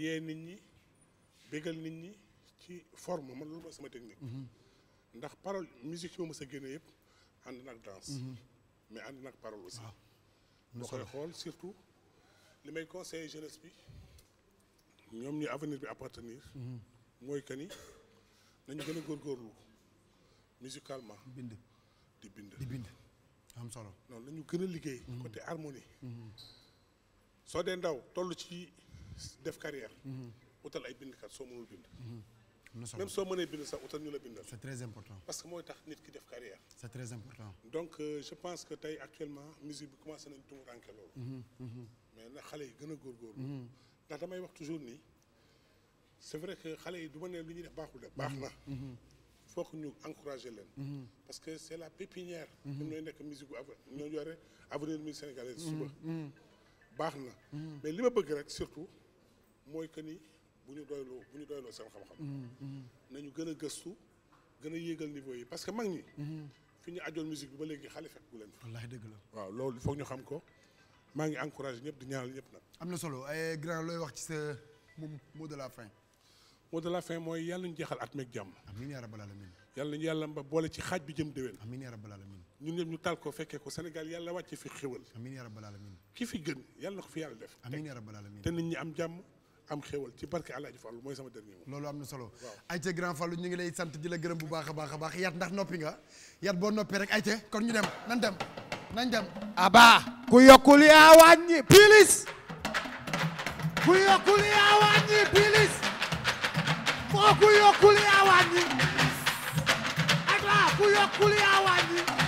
S12: yee nit ñi bégal nit ñi ci forme man loolu mooy sama technique. Mm-hmm. ndax parole musique yoo mës a génne yëpp ànd nag danse. Mm-hmm. mais ànd nag parole aussi. boo koy xool surtout li may conseiller jeunesse bi ñoom ñu avenir bi appartenir. mooy que ni nañu gën a góorgóorlu musicalement.
S1: bind di bind di bind am solo. noonu la ñu gën a liggéey.
S12: harmonie. soo dee ndaw toll ci def carrière. utal ay bindkat soo mënul bind.
S1: même soo mënee bind
S12: sax utal ñu la bindal. c'est très parce que mooy tax nit ki def carrière.
S1: c'est très important.
S12: donc euh, je pense que tey actuellement musique bi commencé nañ tumurànke loolu.
S6: Mm-hmm, mm-hmm.
S12: mais na xale yi gën a góorgóorlu. Mm-hmm. ndax damay wax toujours nii c'est vrai que xale yi du ma ne lu ñuy def baaxul de baax na. faut que ñu encourager leen. parce que c'est la pépinière. ñoom ñooy nekk musique bu avenir ñoo yore avenir musique sénégalaise suba. baax na mm-hmm. mais li ma bëgg rek surtout mooy que ni bu ñu doyloo bu ñu doyloo seen xam-xam mm-hmm. nañu gën a gëstu gën a yéegal niveau yi parce que mag ñi mm-hmm. fi ñu ajoon musique bi ba léegi xale fekk bu leen fa wallaahi dëgg la waaw loolu foog ñu xam ko maa ngi encouragé ñëpp di ñaanal ñëpp nag
S1: am na solo ay grand looy wax ci sa moom mot de la fin
S12: mot de la fin mooy yàlla ñu jeexal at meeg jàmm amiin yaa rabbal alamin yàlla ñu yàlla ba boole ci xaaj bi jëm déwén amiin yaa rabbal alamin ñu ñëpp ñu tal ko fekkee ko Sénégal yàlla wàcce fi xéwal. amiin yaa rabbal aalamiin. ki fi gën yàlla na ko fi yàlla def. amiin yaa rabbal aalamiin te nit ñi am jàmm. am xéwal
S1: ci barke El Hadj Fallou mooy sama dernier mot. loolu am na solo. ayca grand Fallou ñu ngi lay sant di la gërëm bu baax a baax a baax yat ndax noppi nga yat boo noppee rek ayca kon ñu dem nan dem nan dem. abaa
S2: ku yokkul yaa wàññi pilis
S1: ku yokkul yaa wàññi
S2: pilis ku yokkul yaa wàññi.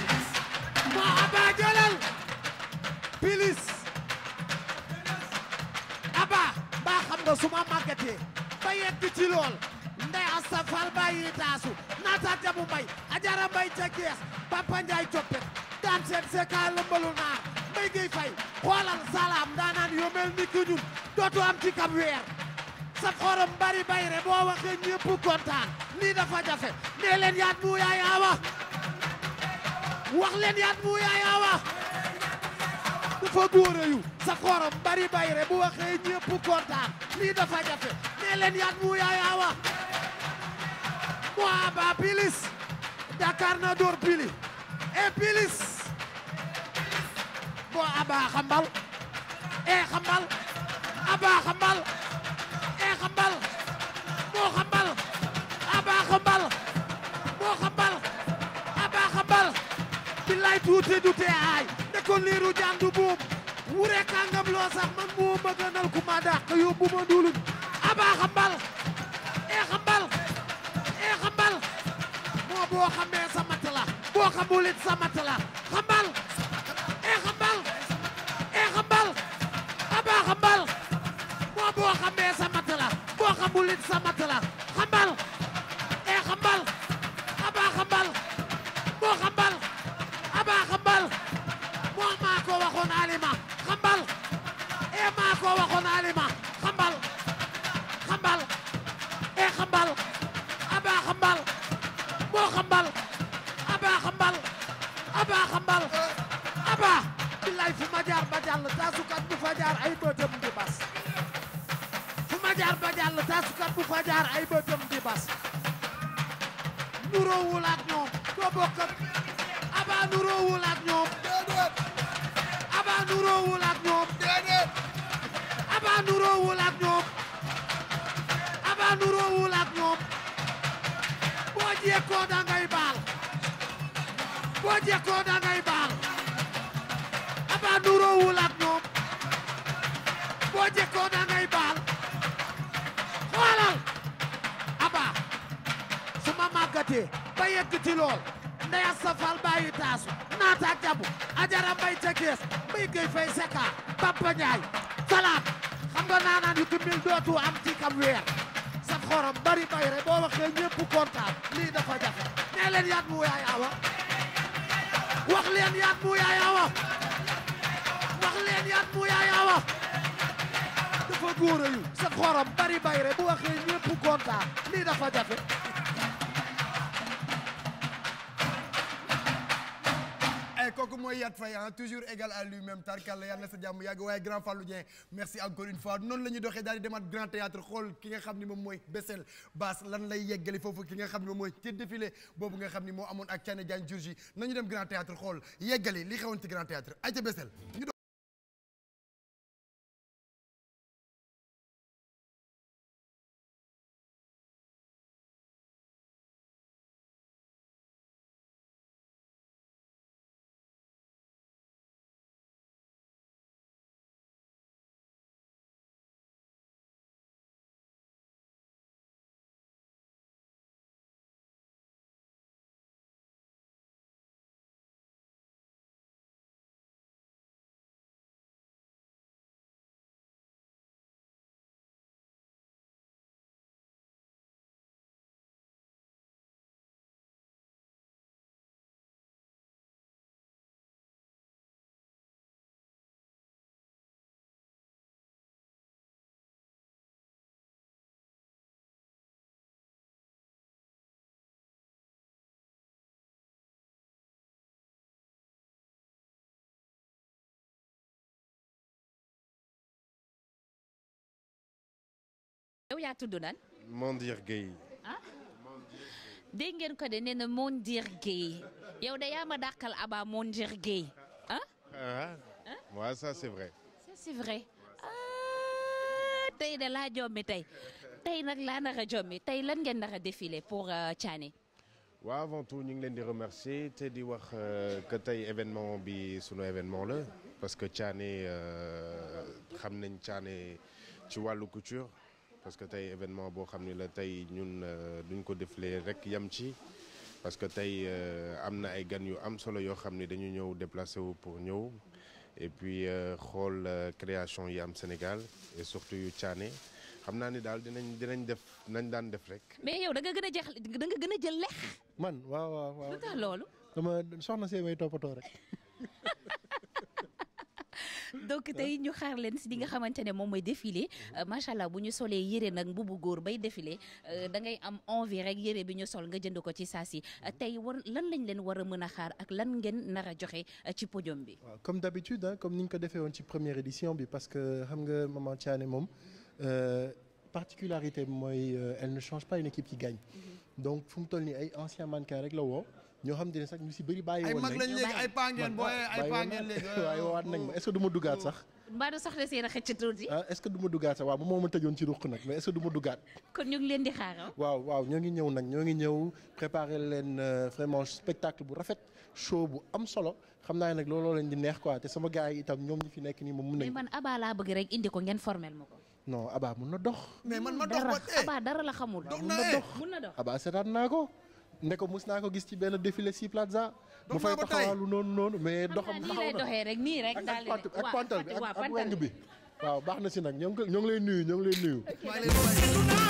S2: ba suma màggatee ba yegg ci lool ndey Assa Fall bàyyi taasu naata jabu mbay ajara mbay ca gees Papa Njaay coppet daan seen sekaa lëmbalu naar mbay gay fay xoolal salaam daanaan yoo ni ku dootu am ci kam weer sa xorom bari bayre boo waxee ñépp kontaan lii dafa jafe nee yaat bu yaay awa wax yaat bu yaay awa fa góor yu sa xorom bari bayre bu waxee ñëpp kontaan lii dafa jafe nee yaat mu yaayaa wax waa ba pilis Dakar na door pili e pilis bo aba xambal e xambal aba xambal e xambal bo xambal aba xambal bo xambal aay ko liiru jandu buum wure kàngam man buum ma gënal ku ma dàq yóbbu ma duuluñ xambal e xambal e xambal moo boo xamee sa boo xamulit sa xambal e xambal e xambal aba xambal moo boo xamee sa boo xamulit sa xambal
S1: yàgg waaye grand Fallou Dieng merci encore une fois noonu la ñuy daal di demaat grand théâtre xool ki nga xam ni moom mooy Bessel Bass lan lay yeggali foofu ki nga xam ni moom mooy ci défilé boobu nga xam ni
S4: moo amoon ak Thiané Diagne jur ji nañu dem grand théâtre xool yeggali li xewoon ci grand théâtre ay ca Bessel yow yaa tudd nan. Mondir Gueye. ah. dégg ngeen ko de nee na Mondir
S3: Gueye yow de yaa ma dàqal Abba Mondir Gueye ah.
S12: ah waaw ah?
S3: ah, tey de laa jommi tey tey nag laa nar tey lan ngeen nar a défilé pour euh, Thiané.
S10: waaw avant tout ñu ngi leen di remercier te di wax euh, que tey événement bi sunu événement la parce que Thiané euh, xam nañ Thiané ci wàllu couture. parce que tey événement boo xam ne la tey ñun euh, duñ ko défilé rek yam ci parce que tey euh, am na ay gan yu am solo yoo xam ni dañu ñëw déplacé wu pour ñëw et puis euh, xool création yi am Sénégal et surtout yu Thiané xam naa ni daal dinañ dinañ def nañ daan def rek.
S3: mais yow da nga jël lex.
S10: man waaw waaw
S11: waaw soxna see may toppatoo rek.
S3: donc tey ñu xaar leen si li nga mm-hmm. xamante ne moom mooy défilé mm-hmm. euh, macha allah bu ñu solee yére nag mbubu góor bay défilé euh, da ngay am envie rek yére bi ñu sol nga jënd ko ci saa si mm-hmm. tey war lan lañ leen war a mën a xaar ak lan ngeen nar a joxe euh, ci podium bi. waaw
S11: comme d'habitude ah comme ni ñu ko defee woon ci première édition bi parce que xam nga maman Thiané moom. particularité bi mooy elle ne change pas une équipe qui gagne. donc fu mu toll nii ay anciens mannequins rek la woo. ñoo xam ne sax ñu si bëri bàyyi woon ay mag lañ ma est-ce que du ma duggaat sax
S3: mbaa du soxla seen xëcc
S11: ah, du ma duggaat sax waaw bu moo ma tëjoon ci ruq nag mais est du ma duggaat
S3: kon ñu ngi leen di xaaral ah?
S11: waaw waaw ñoo ngi ñëw nag ñoo ngi ñëw préparer leen euh, vraiment spectacle bu rafet show bu am solo xam naa nag looloo leen di neex quoi te sama gaa yi itam ñoom ñi fi nekk nii moom mun nañ mais
S3: man Abba laa bëgg rek indi ko ngeen formel ma ko
S11: non Abba mun na dox
S3: mais man ma dox ba dara la xamul mun na dox mun na
S11: dox naa ko ne ko mus naa ko gis ci benn défilé si plaza. mu fay taxawalu noonu noonu mais doxam taxaw na
S3: rek nii rek. ak pantal bi ak weng
S4: bi. waaw baax na si nag ñoo ngi lay nuyu ñoo ngi lay nuyu.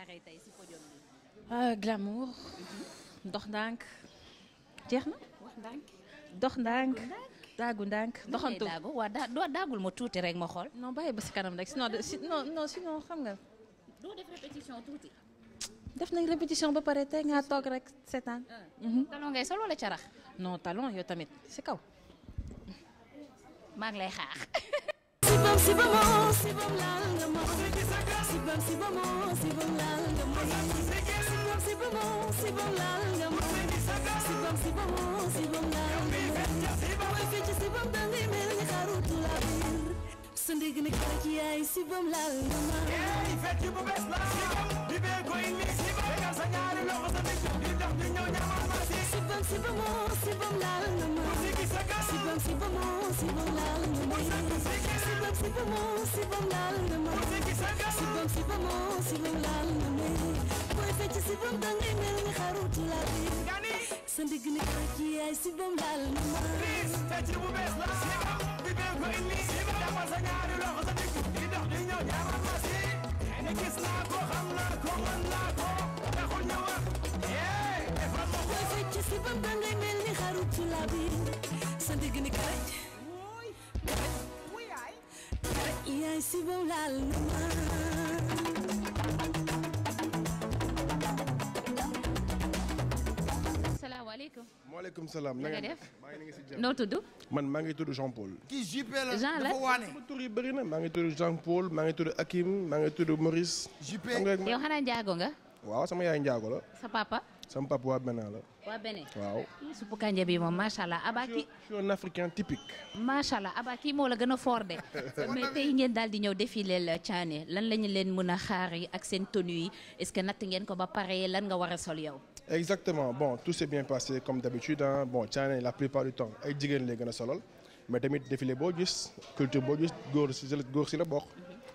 S4: xaaree tey si podium bi. Euh, glamour. Mhm. dox ndànk
S7: jeex na. wax dox ndànk. daagu ndànk
S3: doxantu daagu waaw daa doo daagul ma tuuti rek ma xool. non bàyyi ba si kanam rek si no non sinon xam nga. doo def nañ répétition ba pare tey ngaa toog rek seetaan. Ah. Mhm. talon ngay sol wala carax. non talon yow tamit si kaw. maa
S6: lay xaar. sibam sibam sibam laal nga sa ndégg nag rek yaay si bam laal nga ma eey fekk bu bees la si bam di bee koy nii si bam nga sa ñaari loxo sa ndigg di dox di ñëw ñamal ma si si bam si bam oo si bam laal nga ma musiki sa gaa si bam si bam oo si bam laal nga ma si bam si bam oo si bam laal nga ma musiki sa gaa si bam si bam oo si bam laal nga ma booy fecc si bam dangay mel ni xarutu laa bi sa ndigg nag rek yaay si bam laal nga ma fecc bu bees la si bam di dee ko indi jàppal sa ñaari loxo sa digg di dox di ñëw jaaral ma si ne gis naa ko xam naa ko mën naa ko taxul ñu wax yee defal ma ko fecc si ba ba ngay mel ni xaru ci la bi sa digg ni karaj karaj yaay si baw laal na ma
S1: maaleykum
S11: salaam na nga
S6: def
S11: noo tudd. man maa ngi tudd Jean Paul.
S6: kii JP
S1: la dafa waane. sama
S11: tur yi bëri na maa ngi tudd Jean Paul maa ngi tudd Akim maa ngi tuddu Maurice. JP yow
S3: xanaa njaago nga.
S11: waaw sama yaay njaago la. sa papa. sama papa waa Bénin la.
S3: waa Bénin waaw suppu kànja bi moom macha allah Aba kii. je suis un africain typique. macha moo la gën a fort de mais tey ngeen daal di ñëw défileel Thiané lan la ñu leen mën a xaar yi ak seen tenue yi est-ce que natt ngeen ko ba pare lan nga war a sol yow.
S11: exactement bon tout s'est bien passé comme d'habitude hein bon Thiané la plupart du temps ay jigéen lay gën a solal mais tamit défilé boo gis culture boo gis góor si góor si la bokk.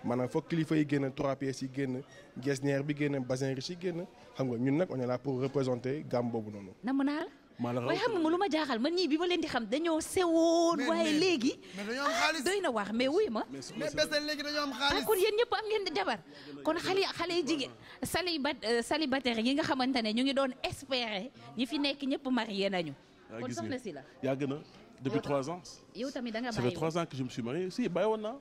S11: maanaam foog kilifa yi génn trois pièces yi génn gestionnaire bi génn bassin riche yi génn xam nga ñun nag on est là pour représenter gamme boobu noonu.
S3: nam naa la. maa xam nga lu ma jaaxal man ñii bi ma leen di xam dañoo sewoon. waaye léegi. mais dañoo am doy na wax mais wuy ma. mais bés léegi dañoo am xaalis. Ah, kon yéen ñëpp am ngeen di jabar kon xale xale yi jigéen salibat célibataire euh, nga xamante ne ñu ngi doon espérer ñi fi nekk ñëpp marié nañu.
S12: Ah, si la yàgg na depuis trois ans. yow tamit da bàyyi woon naa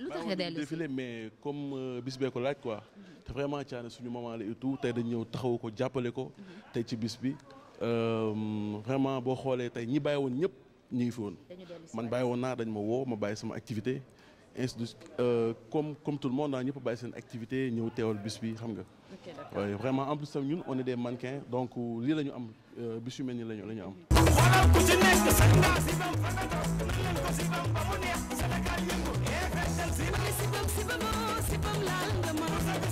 S12: lu défilé mais comme euh, bis ko laaj quoi. te vraiment Thiané suñu maman la et tout tey dañ ñëw taxawu ko jàppale ko. tey ci bis bi euh,
S11: vraiment boo xoolee tey ñi bàyyi woon ñëpp ñu ngi fi woon. man bàyyi woon naa dañ ma woo ma bàyyi sama activité. institut euh, comme comme tout le monde ah ñëpp bàyyi seen activité ñëw teewal bis
S12: bi xam nga. vraiment en plus tam ñun on est des mannequins donc lii la ñu am. Euh, bis yu mel ni la ñu la ñu am. xoolal
S6: ku ci nekk sa ndax si bam fa nga toog mën leen ko si bam ba mu neex Sénégal yëngu ee festel si bam si bam si bam si bam laal nga ma si bam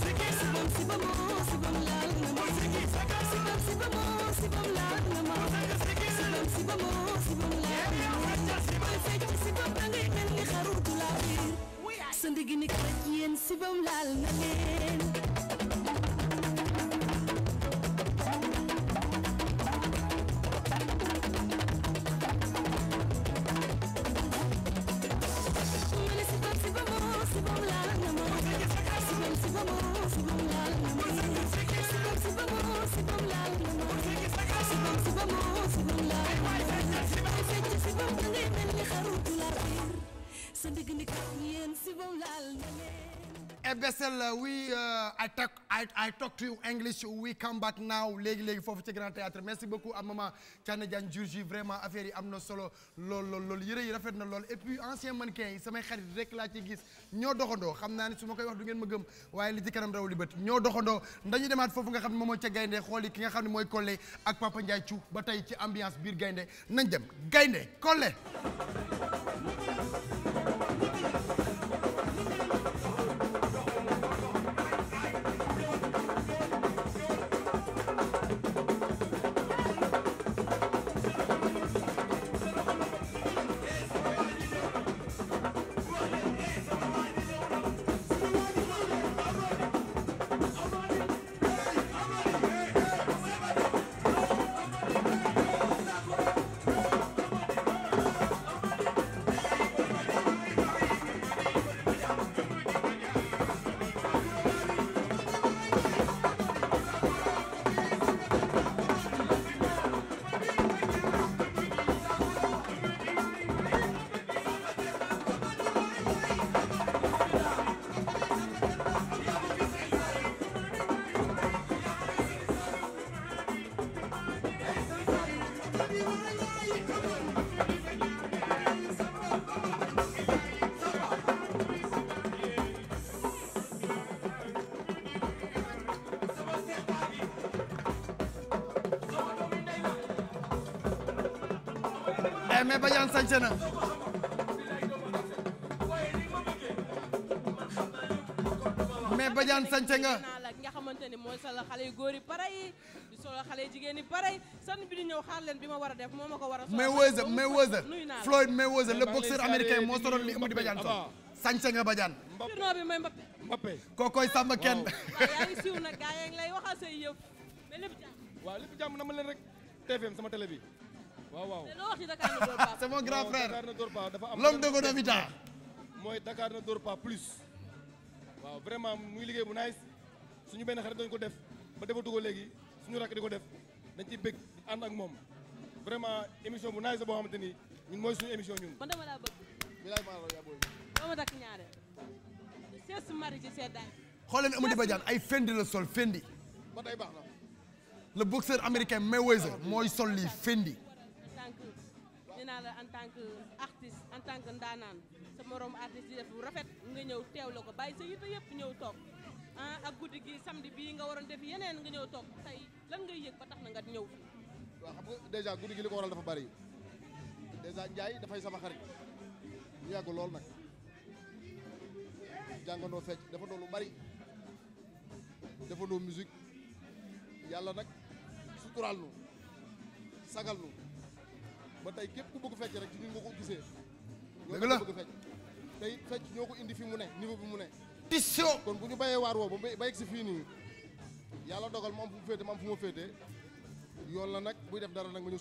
S6: si bam si bam laal nga ma si bam si bam si bam laal nga ma si bam si bam si bam laal nga ma booy fecc si bam da ngay mel ni xarutu laa biir sa ndigg ni ko yéen si bam laal na leen sa ndigg ni kat yéen si moom laal na leen
S1: et eh, Bessel oui uh, uh, I talk I I talk to you English we come back now léegi léegi foofu ci Grand Théâtre merci am ma ma Thiané Diagne jur ji vraiment affaire yi am na solo lool lool lool yëre yi rafet na lool et puis ancien mannequin yi samay xarit rek laa ci gis ñoo doxandoo xam naa ne su ma koy wax du ngeen ma gëm waaye li ci kanam raw li bët ñoo doxandoo dañuy demaat foofu nga xam ne moom moo ca gaynde xool yi ki nga xam ne mooy Collé ak Papa Ndiaye ba tey ci ambiance biir gaynde nañ dem gaynde Collé mais Badiane sañse na mais Badiane sañse nga
S7: nga xamante ni mooy solo xale yi pare yi di jigéen yi pare yi bi di ñëw xaar leen bi ma war a def moo ma ko war a Mayweather Mayweather Floyd Mayweather le boxeur américain moo solo li Amady Badiane sol
S1: sañse nga Badiane
S7: tournoi siiw nag gaa
S1: lay waxal say yëf mais lépp na ma leen rek TFM sama télé bi waaw
S7: waaw c'est mon
S1: grand frère l'homme de Godovita
S9: mooy Dakar ne dort pas plus waaw vraiment muy liggéey bu nice suñu benn xarit dañ ko def ba defatu ko léegi suñu rakk di ko def dañ ciy bëgg ànd ak moom
S1: vraiment émission bu nice boo xamante ni ñun mooy suñu émission ñun. man dama laa bëgg. bilaay maa la yàbboo.
S7: doo ma takk ñaareel. sees mari ci seddaay.
S1: xooleen Amady Badiane ay fendi la sol fendi. ba tey baax na. le boxeur américain Mayweather mooy sol lii fendi.
S7: naa la en tant que artiste en tant que ndaanaan sa morom artiste yi def lu rafet nga ñëw teew la ko bàyyi sa yitte yëpp ñëw toog ah ak guddi gi samedi bii nga waroon def yeneen nga ñëw toog tey lan ngay yëg ba tax na nga ñëw fi
S10: waaw xam
S1: dèjà guddi li ko waral dafa bari dèjà Ndiaye dafay sama xarit ñu yàgg lool nag lu bari dafa doon yàlla nag suturaal nu sagal nu ba tey képp ku bëgg fecc rek ci ñun nga ko gisee. dëgg la bëgg fecc tey fecc ñoo ko indi fi mu ne niveau bi mu ne. compétition kon bu ñu bayee waar ba bay si fii nii
S9: yàlla dogal ma am fu mu féete ma am fu la nag buy def dara nag ma ñu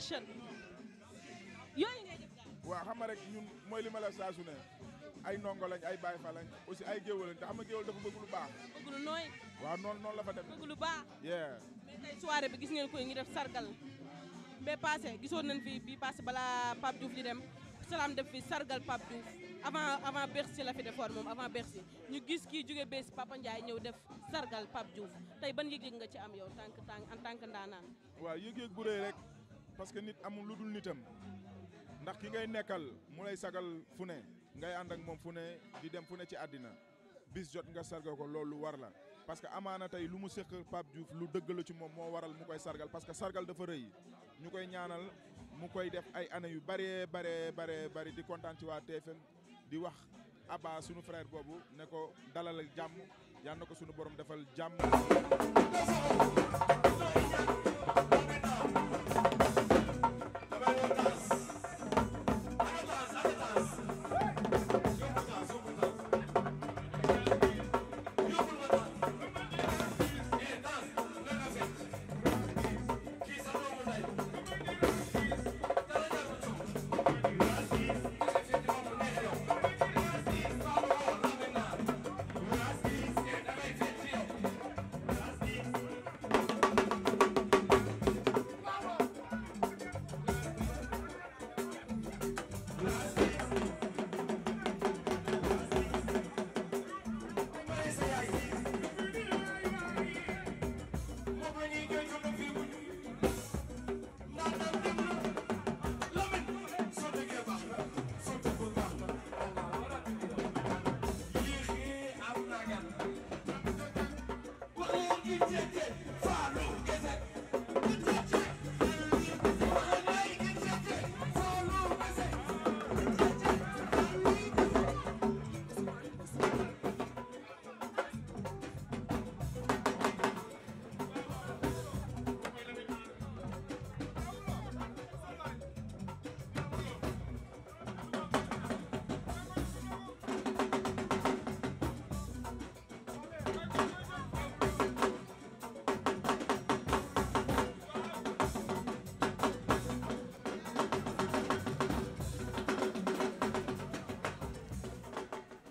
S12: prochaine yooyu ngay def daal. waaw xam ñun mooy li ma la saa su ay ndongo lañ ay baay fa lañ aussi ay géwél lañ te xam nga géwél dafa bëgg lu baax. bëgg lu nooy. waaw noonu noonu la fa demee. bëgg lu baax.
S7: mais bi gis ngeen ko ñu def sargal mais passé gisoon nañ fi bi passé balaa Pape Diouf di dem salaam def fi sargal Pape Diouf avant avant Bercy la fi defoon moom avant Bercy ñu gis kii jóge bees Papa Ndiaye ñëw def sargal Pape Diouf tey ban yëg-yëg nga ci am yow tànk tànk en tant que ndaanaan.
S12: waaw yëg parce que nit amul lu dul nitam
S10: ndax ki ngay nekkal mu lay sagal fu ne ngay ànd ak moom fu ne di dem fu ne ci àddina bis jot nga sargal ko loolu war la parce que amaana tey lu mu séq Pape Diouf lu dëgg ci moom moo waral mu koy sargal parce que sargal dafa rëy ñu koy ñaanal mu koy def ay année yu bëree bare baree bëri di kontaan ci waa TFM di wax Abba sunu fraire boobu ne ko dalal jàmm yal na ko sunu borom defal jàmm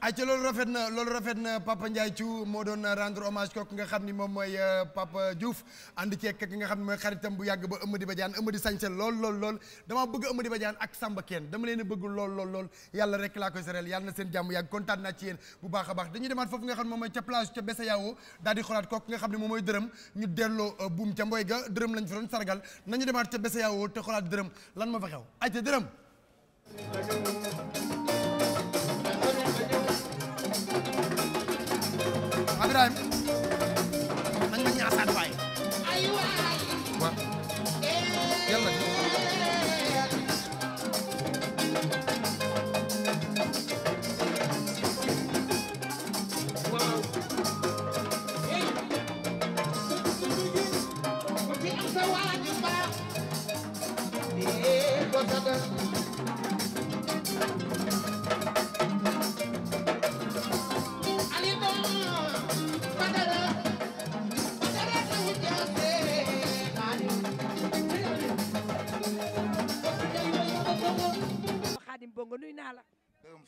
S1: ayca loolu rafet na loolu rafet na Papa Ndiaye Thiou moo doon rendre hommage kooku nga xam ni moom mooy euh, Papa Diouf ànd ceeg nga xam ne mooy xaritam bu yàgg ba Amady Badiane Amady lool lool lool dama bëgg Amady Badiane ak Samba leen lool lool lool yàlla rek laa koy sereel yàlla na seen jàmm yàgg baax a baax dañuy demaat foofu nga xam ne moom mooy dërëm ñu delloo euh, buum ca mboy ga dërëm lañ doon sargal nañu demaat ca Bessa Yaawo te ma fa xew ayca dërëm Ibrahima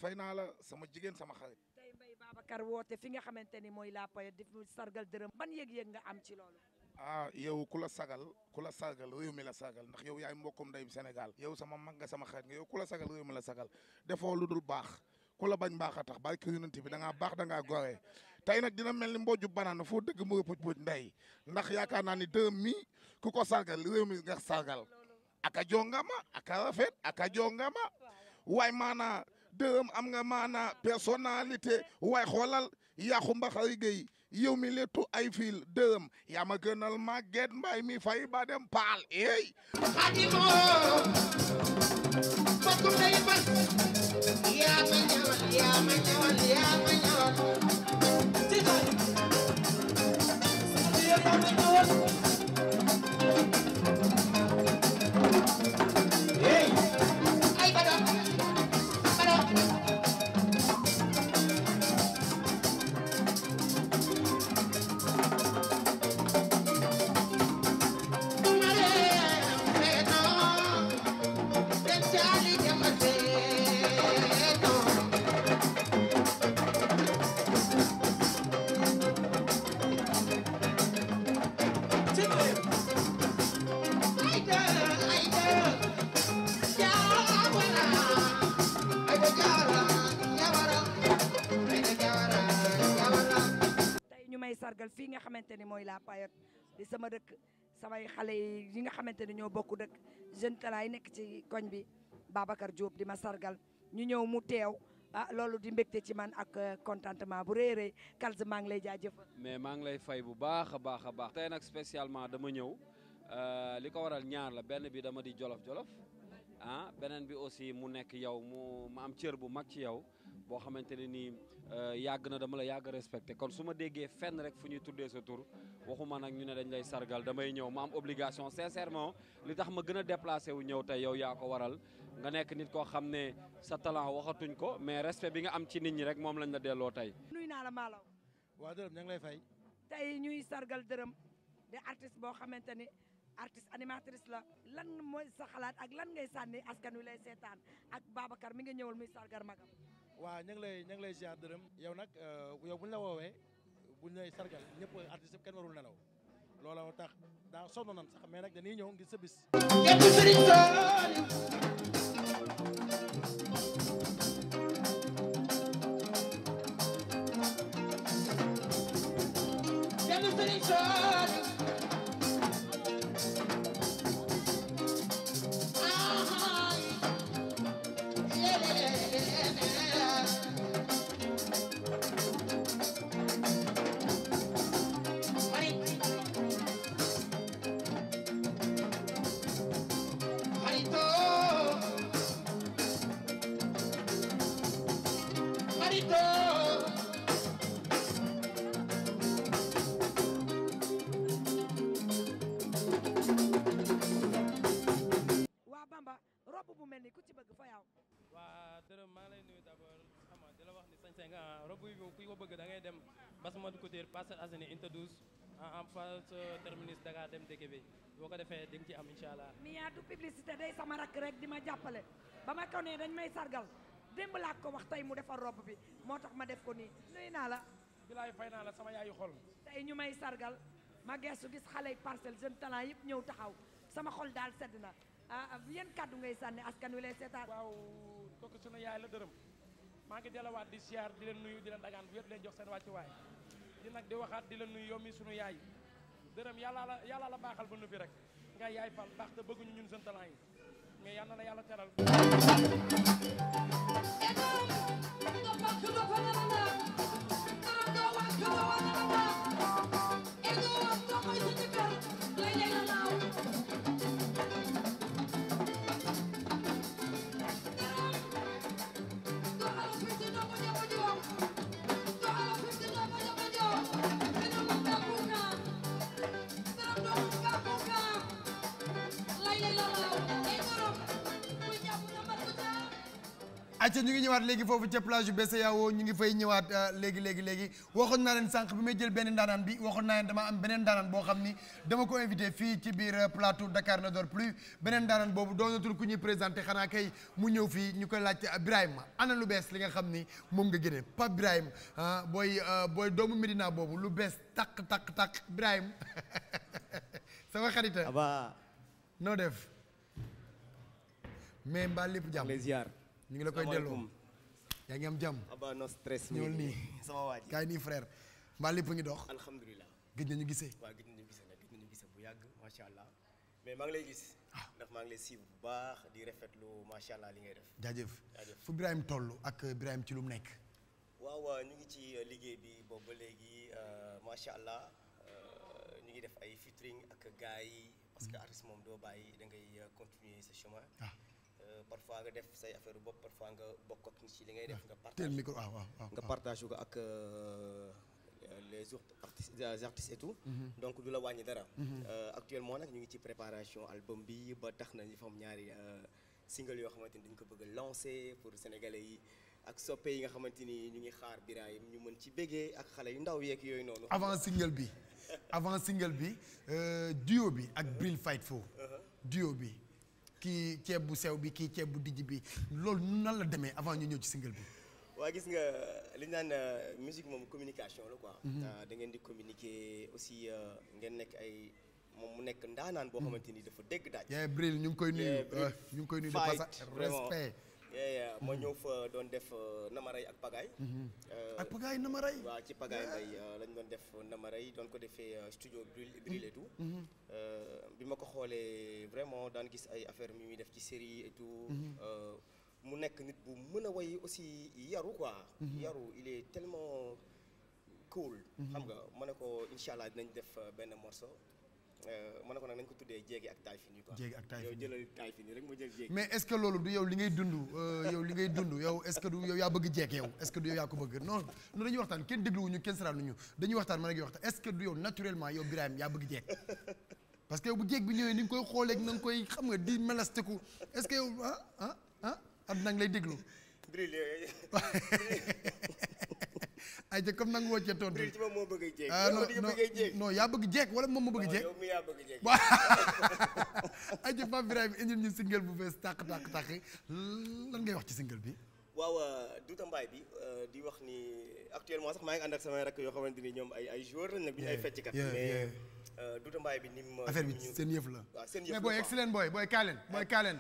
S5: fay naa la sama jigéen sama xarit. tey Mbaye Babacar woote fi nga xamante ni mooy La Paillette di sargal dërëm ban yëg-yëg nga am ci loolu.
S9: a ah, yow ku la sagal ku la sagal réew mi la sagal ndax yow yaay mbokkum nday bi Sénégal yow sama mag nga sama xarit nga yow ku la sagal réew mi la sagal defoo lu dul baax ku la bañ baax a tax bàyyi ko yonent bi da ngaa baax da ngaa goree tey nag dina mel ni mbooju banaan foo dëgg mu rëpëj pëj ndey ndax yaakaar naa ni dërëm mi ku ko sargal réew mi nga sargal aka jongama aka rafet aka jongama waaye dëëm am nga maanaa personnalité waaye xoolal yàqu mbaxay géy yow mi lettu ay fiil dëëm yaa ma gënal màgget mbay mi fay ba dem paal eey xadimo
S13: bokku day bas yaa ma ñawal yaa ma ñawal yaa ma
S6: ñawal ci daal
S5: sargal fii nga xamante ni mooy La Paillote di sama dëkk samay xale yi nga xamante ni ñoo bokk dëkk jeune talent yi nekk ci koñ bi Babacar Diop di ma sargal ñu ñëw mu teew ah loolu di mbégte ci man ak euh, contentement bu rëy a rëy Kals maa ngi lay jaajëfal.
S9: mais maa ngi lay fay bu baax a baax a baax. tey nag spécialement dama ñëw euh, li ko waral ñaar la benn bi dama di jolof jolof ah beneen bi aussi mu nekk yow mu ma am cër bu mag ci yow. boo xamante ne nii euh, yàgg na dama la yàgg respecté kon su ma déggee fenn rek fu ñuy tuddee sa tur waxuma nag ñu ne dañ lay sargal damay ñëw ma am obligation sincèrement li tax ma gën a déplacé wu ñëw tey yow yaa ko waral nga nekk nit koo xam ne sa talent waxatuñ ko mais respect bi nga am ci nit ñi rek moom lañ la delloo tey.
S5: nuyu naa la Malaw.
S10: waa dërëm ña lay fay.
S5: tey ñuy sargal dërëm di artiste boo xamante ni artiste animatrice la lan mooy sa xalaat ak lan ngay sànni askan wi lay seetaan ak Babacar mi nga ñëwal muy sargal
S11: waaw ñu lay ñu ngi lay ziar dërëm. yow nag euh, yow bu ñu la woowee bu ñu lay sargal ñëpp artiste kenn warul nelaw looloo tax daa sonn nan sax mais nag dañuy ñëw ngir sa bis.
S4: Sëriñ Saliou
S9: kuy kuy ko bëgg da ngay dem Basse Mode Couture Parcelles Assainies Unité 12 en face euh, terminus Dakar dem dëkk bi boo ko defee di ci am incha allah.
S5: Mia du publicité day sama rakk rek di ma jàppale ba ma kaw dañ may sargal démb laa ko wax tey mu defar rob bi moo tax ma def ko nii nuyu naa la.
S9: bilaay fay naa la sama yaayu xol.
S5: tey ñu may sargal ma geesu gis xale yi parcelle jeune talent yëpp ñëw taxaw sama xol daal sedd na ah, ah yan kàddu ngay sànni askan wi lay seetaan. waaw
S1: kooku sunu yaay la dërëm. maa ngi delluwaat di siyaar di leen nuyu di leen dagaan
S9: bu wér di leen jox seen wàccuwaay di nag di waxaat di la nuyu yow mi sunu yaay dërëm yàllaa la yàllaa la baaxal ba noppi rek nga yaay fal baax te bëgguñu ñun seen talent yi mais yal na la yàlla teral
S6: Thank you.
S1: acca ñu ngi ñëwaat léegi foofu ca plage yu BCEAO ñu ngi fay ñëwaat euh, léegi léegi léegi waxoon naa leen sànq bi may jël benn ndaanaan bi waxoon naa leen dama am beneen ndaanaan boo xam ni dama ko invité fii ci biir euh, plateau Dakar ne dort plus beneen ndaanaan boobu doonatul ku ñuy présenté xanaa kay mu ñëw fii ñu koy laajte euh, Birahima ana lu bees li nga xam ni moom nga génne Pape Birahima ah, booy booy doomu Medina boobu lu bees takk takk takk Birahima sama xarita noo def mais mbaa lépp jàmm les ñu ngi la koy delloo yaa ngi am jàmm. abaa no stress. nii sama waa ji kaay nii frère. mbaa lépp ngi dox. alhamdulilah gëj nañu gisee.
S8: waaw gëj nañu gisee nag gëj nañu gisee bu yàgg macha allah mais maa ngi lay gis. Ah. ndax maa ngi lay siiw bu baax di rafetlu macha allah li ngay def.
S1: jaajëf jaajëf fu Birahim toll ak Birahim ci lu mu nekk.
S8: waaw ñu ngi ci euh, liggéey bi boobu ba léegi euh, macha allah euh, ñu ngi def ay featuring ak gars yi parce que mm. artiste moom doo bàyyi da ngay continuer sa chemin. Ah. Euh, parfois nga def say affaire bopp parfois nga bokk ak def. nga partage teel micro ko ak euh, les artistes les artistes et mm-hmm. donc du la wàññi dara. Mm-hmm. Euh, actuellement nag ñu ngi ci préparation album bi ba tax na ñu fam ñaari single yoo xamante ni dañ ko bëgg a pour sénégalais yi. ak soppe yi nga xamante ni ñu ngi xaar Birahim ñu mën ci béggee ak xale yu ndaw yeeg yooyu noonu. avant
S1: single bi avant single bi duo bi ak Bril Fight Fo. Uh-huh. duo bi. kii ceeb bu sew bi kii ceeb bu dijj bi loolu nan la demee avant ñu ñëw ci single bi.
S8: waa gis nga li ñu naan euh, musique moom communication la quoi. Mhm. Euh, da ngeen di communiquer aussi euh, ngeen nekk ay. moom mu nekk naan boo mhm. xamante ni dafa dégg daaj. Eh, Bril
S1: ñu ngi koy eh, nuyu. ñu ngi koy nuyu de passage respect ma ñëw
S8: fa doon def uh, namaray ak pagaay mm-hmm. uh, ak pagaay namaray waaw ci pagaay mbay uh, lañ doon def namaray doon ko defee studio brûle mm-hmm. brûle et mm-hmm. bi ma ko xoolee vraiment daan gis ay affaire mi muy def ci série et mu nekk nit bu mën a way aussi yaru quoi yaru il est tellement cool xam nga ma ne ko incha dañ def benn morceau Euh, ma ne ko nag ko tuddee jéegi ak taayfin yi quoi. jéegi ak taayfin yow jëlal taayfin yi rek ma jël jéegi. mais est-ce que loolu du
S1: yow li ngay dund euh, yow li ngay dund yow est du yow yaa bëgg jéeg yow est du yow yaa ko bëgg non dañuy waxtaan kenn dégluwuñu kenn saraanuñu dañuy waxtaan man ak yow waxtaan est du yow naturellement yow Birahim yaa bëgg jéeg parce que bu jéeg bi ñëwee ni nga koy xoolee na nga koy xam nga di melasteku est-ce que yow ah ah ah am na lay déglu. ay jëkk comme nangu woo ca tontu moom moo bëgg a jeeg ah, non non yaa bëgg jeeg wala moom ma bëgg jeeg waaw ay ca Pape Birahim indil ñu single bu bees tàq tàq tàq lan ngay wax ci single bi
S8: waaw euh, Douta mbaay bi euh, di wax ni actuellement sax maa ngi ànd ak samay rakk yoo xamante ni ñoom ay ay joueurs lañ nag bi ñu ay fecckat mais euh, Douta Mbaye bi ni
S1: mu affaire seen yëf la waaw seen yëf booy excellent booy booy ah. kaaleen booy kaaleen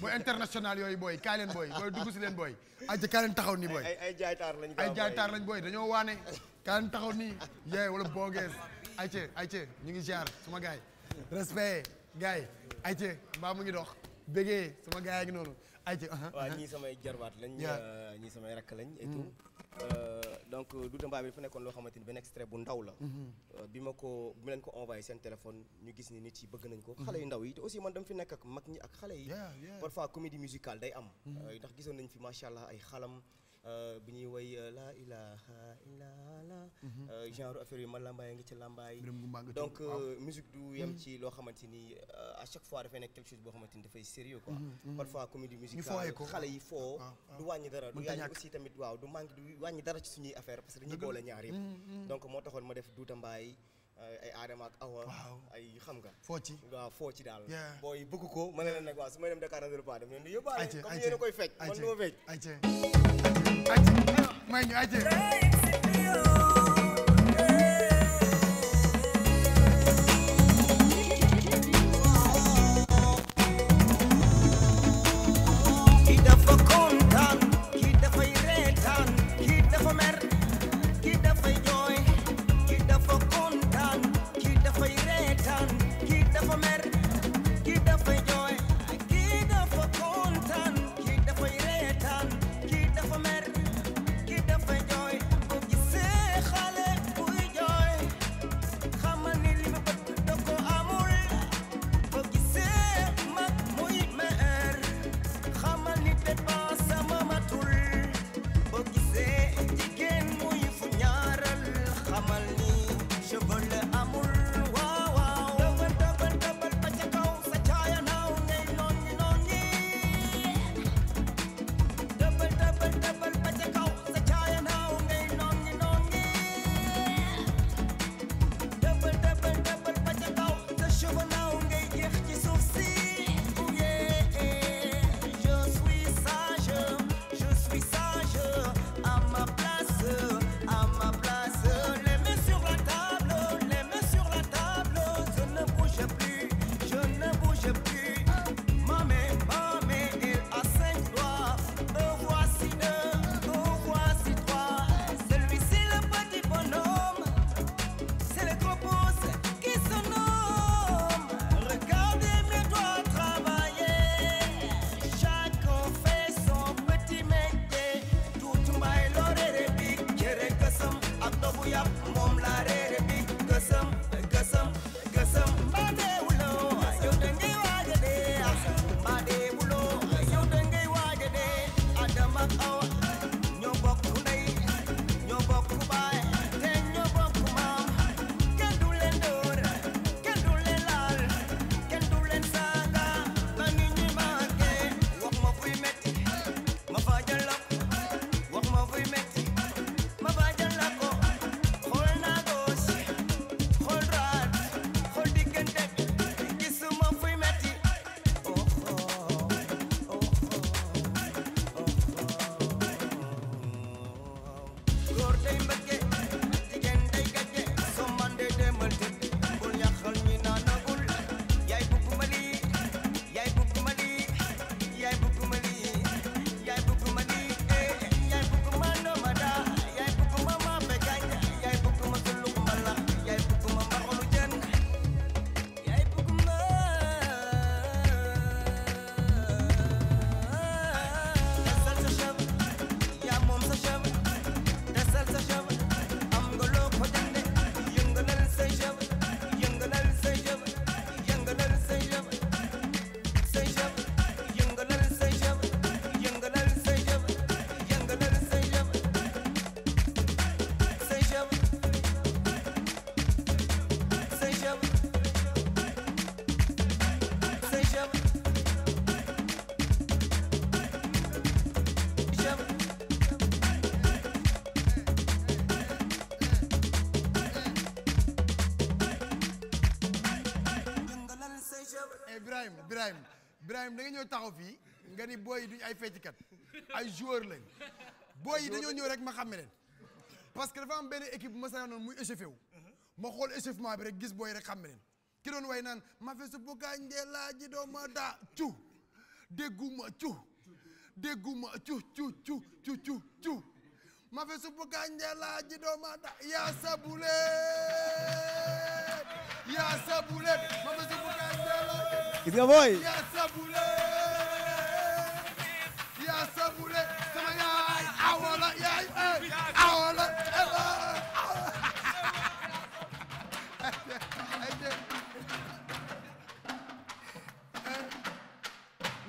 S1: booy international yooyu booy kaay leen booy booy dugg si leen booy. ay kaay leen taxaw nii booy ay jaaytaar lañ ay jaaytaar lañ booy dañoo waane kaay leen taxaw nii yee wala boogees ay ayca ayca ñu ngi ziar sama gaay respect gaay ay mbaa mu ñu dox bégee sama gaay a noonu. Uh-huh, waaw uh-huh. ñii samay
S8: jarbaat lañ uh, ñii samay rakk lañ et mm. tout euh, donc euh, Douta Mbaye bi dafa nekkoon loo xamante ni benn extrait bu ndaw la mm-hmm. euh, bi ma ko bi ma leen ko envoyé seen téléphone ñu gis ni nit yi bëgg nañ ko mm-hmm. xale yu ndaw yi te aussi man dama fi nekk ak mag ñi ak xale yi parfois comédie musicale day am mm-hmm. ndax gisoon nañ fi macha allah ay xalam Euh, bu ñuy woy euh, laa ilaha illa la mhm. euh, genre affaire yu ma làmbaay ngi ci làmbaay donc musique du yem mhm. ci loo xamante ni à chaque fois dafay nekk quelque boo xamante ni dafay sérieux quoi mhm, parfois comédie musicale xale yi foo ah, ah. du wàññi dara du wàññi aussi tamit waaw du manque du wàññi dara ci suñuy affaire parce que dañuy boole ñaar donc moo taxoon ma def duuta mbaay ay Adama ak Awa. ay xam nga. foo ci waaw foo ci daal. booy bëgg ko ma ne leen nag waaw su may dem Dakar Arena Repas dem leen di yóbbaale.
S6: comme yéen a koy fecc man du ma fecc. Ah, may ñu
S1: Birahim da nga ñëw taxaw fii nga ni booy yi ay ay feccikat ay joueur lañ booy yi dañoo ñëw rek ma xàmme leen parce que dafa am benn équipe ma saa noonu muy échauffé wu ma xool échauffement bi rek gis booy rek xam leen ki doon way naan ma fi su bukaan njee laa ji doo ma daa cu dégguma cu dégguma cu ma fi su bukaan njee laa ji doo ma daa yaa sabuleet yaa sabuleet
S8: gis nga booy. yaa
S2: sabule yaa sabule sama yaay awola yaay awola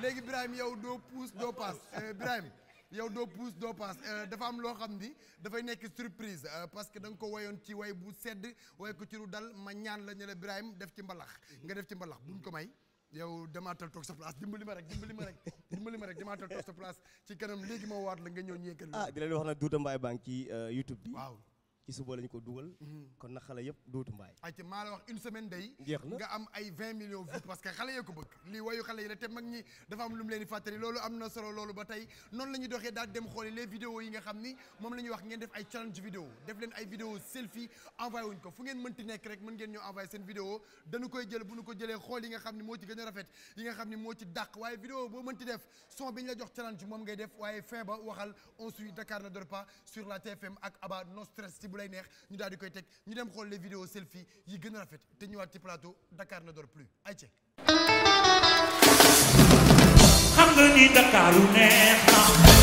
S1: léegi Birame yow doo puus doo paas euh, Birame yow doo puus doo paas euh, dafa am loo xam ni dafay nekk surprise euh, parce que da nga ko woyoon ci way bu sedd way ko ci lu dal ma ñaan la ñu la Birame def ci mbalax nga def ci mbalax buñ ko may. yow demaatal toog sa place dimbali ma rek dimbali ma rek dimbali ma rek demaatal toog sa place ci kanam léegi ma waat la nga ñëw ñeekal. ah
S8: di leen wax nag Douta Mbaye baa ngi ci euh, YouTube bi waaw.
S1: ci suba lañ ko dugal.
S8: Mhm. kon nag xale yëpp dootu mbaay.
S1: ayca maa la wax une semaine day. nga am ay vingt millions vues parce que xale yee ko bëgg. lii wayu xale yi la te mag ñi dafa am lu mu fàttali loolu am na solo loolu ba tey noonu la ñuy daal dem xooli les vidéos yi nga xam ni moom la wax ngeen def ay challenge vidéo def leen ay vidéo selfie envoyé wuñ ko fu ngeen mënti nekk rek mën ngeen ñoo envoyé seen vidéo dañu koy jël bu ñu ko jëlee lay neex ñu daal di koy teg ñu dem xool les vidéos selfie yi gën a rafet te ñëwaat ci plateau Dakar ne dort plus ay ci
S2: xam nga ni Dakar lu neex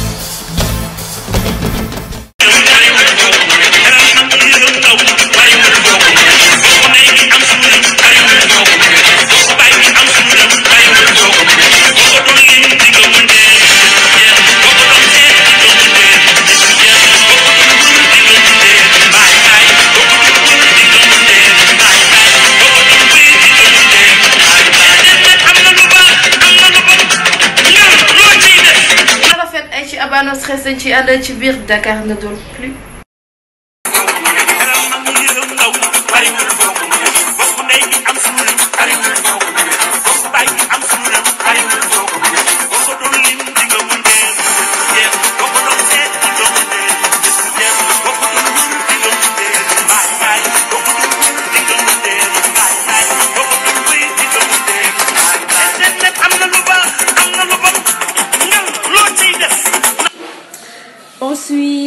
S7: dañ ciy ànd ci biir Dakar ne dort plus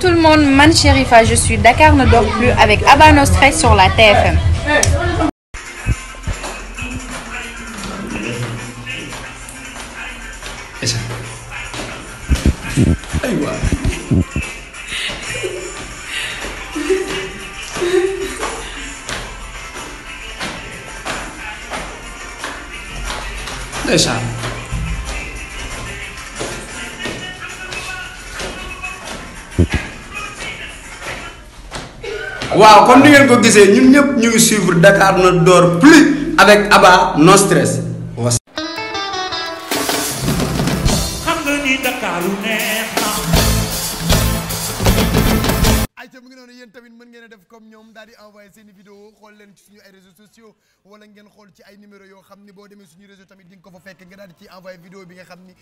S11: tout le monde, man Chérifa, je suis Dakar ne dort plus avec Abba
S3: Nostré sur la TFM.
S9: waaw kon ni ngeen ko gisee ñun ñëpp ñu ngi suivre Dakar ne dort plus avec Abba No Stress
S1: daal di envoyé seen i vidéo xool leen ci suñu ay réseaux sociaux wala ngeen xool ci ay numéro yoo xam ni boo demee suñu réseau tamit di ko fa fekk nga daal di ci envoyé vidéo bi nga xam ni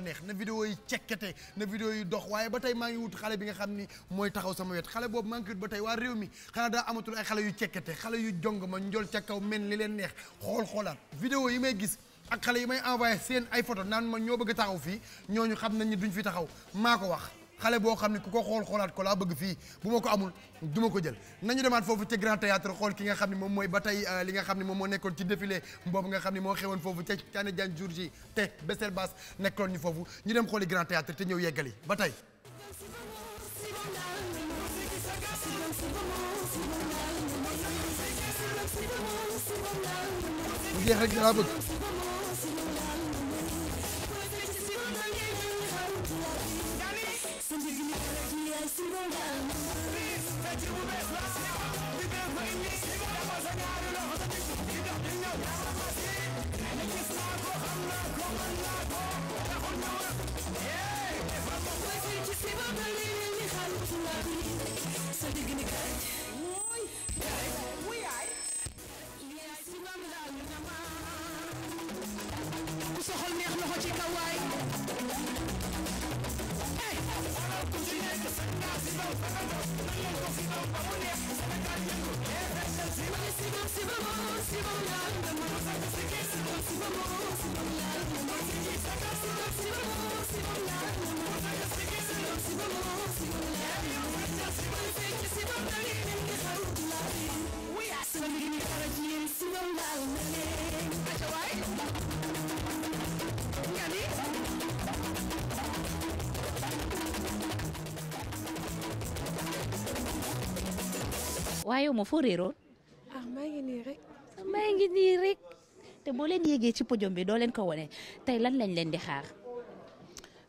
S1: neex na vidéo yi cekkete na vidéo yi waaye ba tey maa ngi wut xale bi nga xam ni mooy taxaw sama wet xale boobu maa ba tey waa réew mi xanaa daa amatul ay xale yu cekkete xale yu jong ma njool ca kaw mel ni leen neex xool xoolaat vidéo yi may gis ak xale yi may envoyé seen ay photo naan ma ñoo bëgg taxaw fii ñooñu xam nañ ni duñ fi taxaw maa ko wax xale boo xam ne ku ko xool xoolaat ko laa bëgg fii bu ma ko amul du ma ko jël nañu demaat foofu ci grand théâtre xool ki nga xam ne moom mooy ba tey euh, li nga xam ne moom moo nekkoon ci défilé boobu nga xam ne moo xewoon foofu ca Caane Jaan te Bessél Bass nekkoon ñu foofu ñu dem xooli grand théâtre te ñëw yeggali ba tey bu jeex rek dinaa
S6: bëgg ku soxol neex loxo ci kawaay ku ci nekk sax naa si kaw ba sa bopp nan leen ko si kaw ba mu neex Sénégal yëngu FSL si ma si ma si ma moo si ma laal nga ma sa ko si kii si ma si ma moo si ma laal nga ma si kii sa ka si ma si ma moo si ma laal nga ma sa ko si kii si ma si ma moo si ma laal nga ma sa si ma fekk si ma dali nim ni xaru laal wi asma mi ni dara ci yéen si ma laal na leen aca waay nga ni
S3: waaye yow ma foo ngi nii te boo leen yéegee ci podium bi doo leen ko wone tey lan lañ leen di xaar.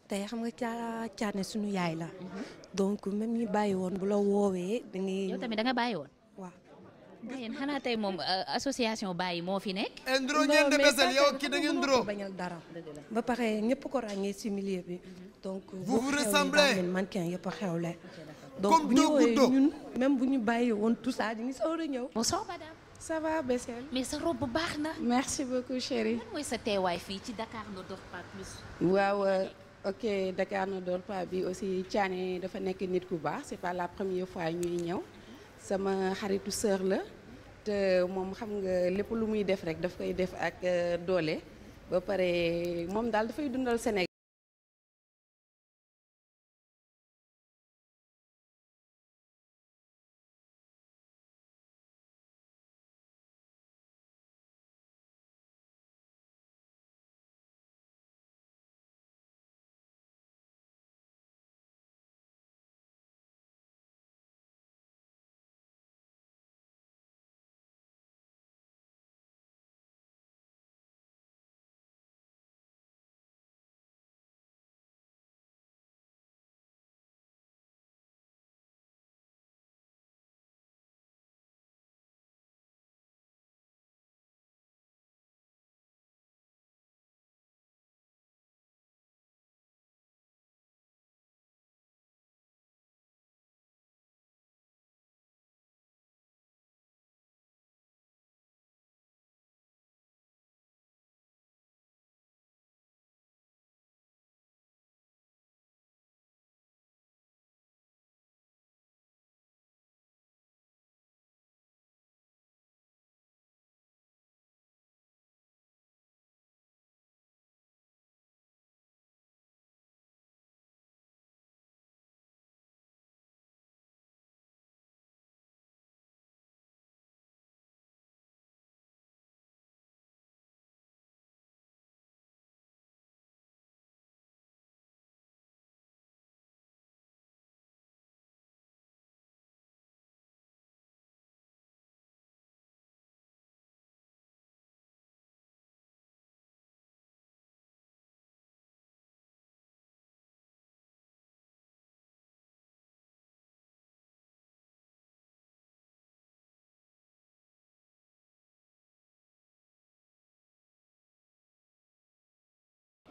S3: tey xam nga caa caane suñu yaay la. Mhm. donc même ñi bàyyi woon bu la woowee. da ngay tamit da nga bàyyi woon. waaw. yéen xanaa tey moom euh, bàyyi moo fi nekk.
S7: ndoro dara. ba pare ñëpp ko ràññee si milieu bi. Mhm. donc vous vous donc bu ñu woowee ñun même bu ñu bàyyi woon tout ça ñu ngi soog a ñëw. bonsoir madame. ça va Bessel. mais sa robe bu baax na. merci beaucoup chérie. lan mooy
S3: sa teewaay fii ci dakaar ne dort pas
S7: waaw euh, ok Dakar ne dort pas bi aussi Thiané dafa nekk nit ku baax c'est par la première fois ñuy ñëw sama xaritu sœur la te moom xam nga lépp lu muy def rek daf koy def ak euh, doole
S4: ba pare moom daal dafay dundal Sénégal.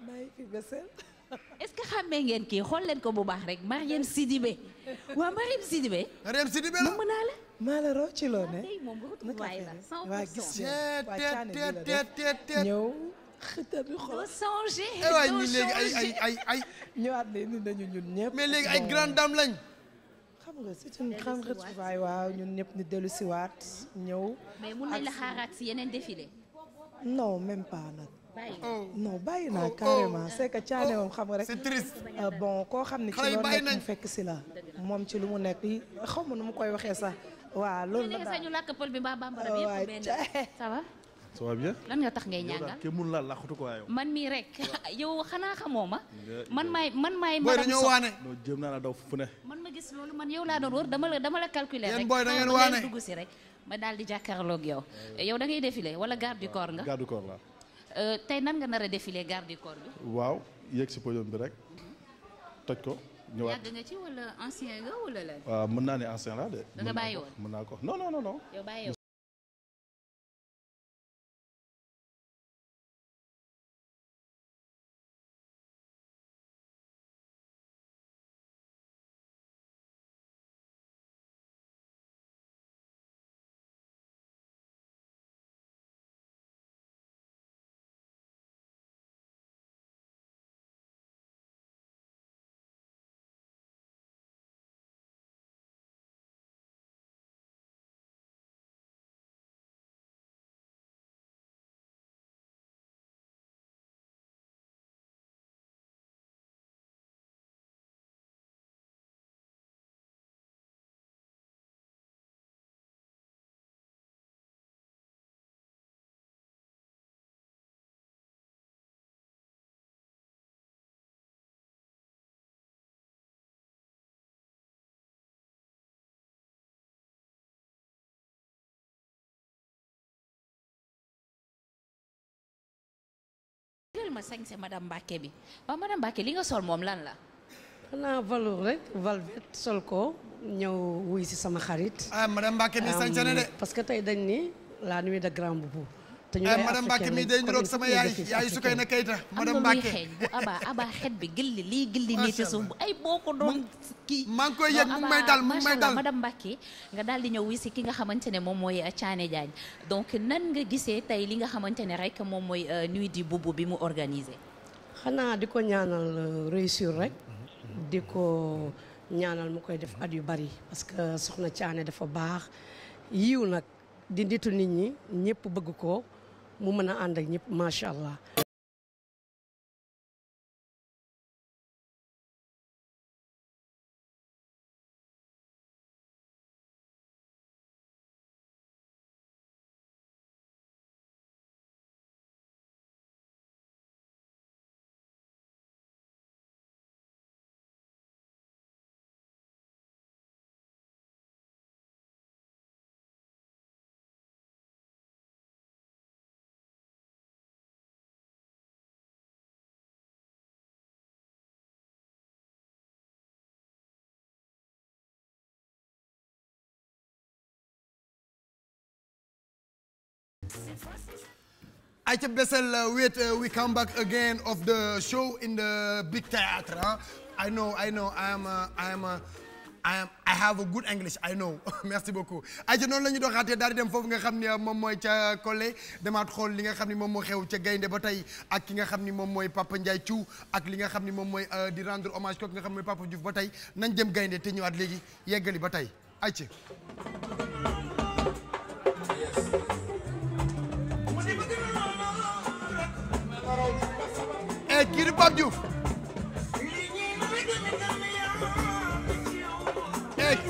S4: bàyyi fi Bessél. est-ce que xàmmee ngeen kii xool leen ko bu baax
S3: rek Mariam Sidibé waaw Mariam Sidibé. Mariam Sidibé la mën naa la. maa la raw ci loo ne. waa gis nga
S7: ñëw.
S13: xëta bi xool changé. Eh waay ñun léegi ay ay
S7: ay ay. ñëwaat nañu nañu ñun ñëpp. mais léegi ay grande dame lañ.
S13: xam nga c'est une grande
S7: retrouvaille waaw ñun ñëpp ñu dellu si waat ñëw.
S3: mais mun nañ la xaaraat si yeneen défilé.
S7: non même pas nag. Oh. non bàyyi naa oh, oh. carrément c'est que Thiané moom xam nga rek c'est triste euh, bon koo xam ne ci
S13: loolu
S7: fekk si la moom ci lu mu nekk xaw ma nu mu koy waxee sax waaw loolu la daal
S3: ñu làkk bi mbaa bambara bi yëpp benn ça va
S11: ça tax ngay ñàngal kenn mun laa làqatu ko waaye
S3: man mii rek yow xanaa xamoo ma man maay man maay madame dañoo waane
S11: non jëm naa la daw
S3: man ma gis loolu man yow laa doon wër dama la dama la calculer rek booy da dugg si rek ma daal di jàkkaarloog yow yow da ngay défilé wala garde du corps nga garde du Euh, tey nan nga nar a défilé garde du
S11: waaw yéeg si podium bi rek. Mhm. toj ko.
S3: ñëwaat yàgg
S4: nga ci wala ancien nga wala lan. waaw mën naa ne ancien laa de. da nga bàyyi woon mën naa ko non non non. yow bàyyi baal ma sañse madame Mbacke bi waaw madame Mbacke li nga sol moom lan la. xanaa
S5: valour rek valvet sol ko ñëw wuy si sama xarit. ah madame Mbacke ni sañse na de. parce que tey dañ ni la nuit de Grand Boubou.
S7: te
S1: ñu eh, lay madame Mbacke sama yaay
S7: yaay
S3: su koy na kayta madame Mbacke bu aba xet bi gëlli lii gëlli nii ci suuf bu ay boo ko doon kii maa ngi koy yëg mu may dal mu ngi dal nga daal di ñëw wi si ki nga xamante ne moom mooy eh, Thiané Diagne donc nan nga gisee tey li nga xamante ne rek moom mooy eh, nuit di boubou bi mu organisé
S7: xanaa di ko ñaanal réussir rek di ko ñaanal mu koy def at yu bari parce que soxna Thiané dafa baax yiw
S4: nag di nditu nit ñi ñëpp bëgg ko mu mën a ànd ak ñëpp macha allah. Aïcha Bessel uh, wait uh,
S1: we come back again of the show in the big theatre I know I know I am uh, I am I have a good English I know merci beaucoup Aïcha noonu la ñu doxaatee daal di dem foofu nga xam ni moom mooy ca Collé demaat xool li nga xam ni moom mooy xew ca gaynde ba tey ak ki nga xam ni moom mooy Papa Ndiaye Thiou ak li nga xam ni moom mooy di rendre hommage kooku nga xam mooy Papa Diouf ba tey nañ jëm gaynde te ñëwaat léegi yeggali ba tey Aïcha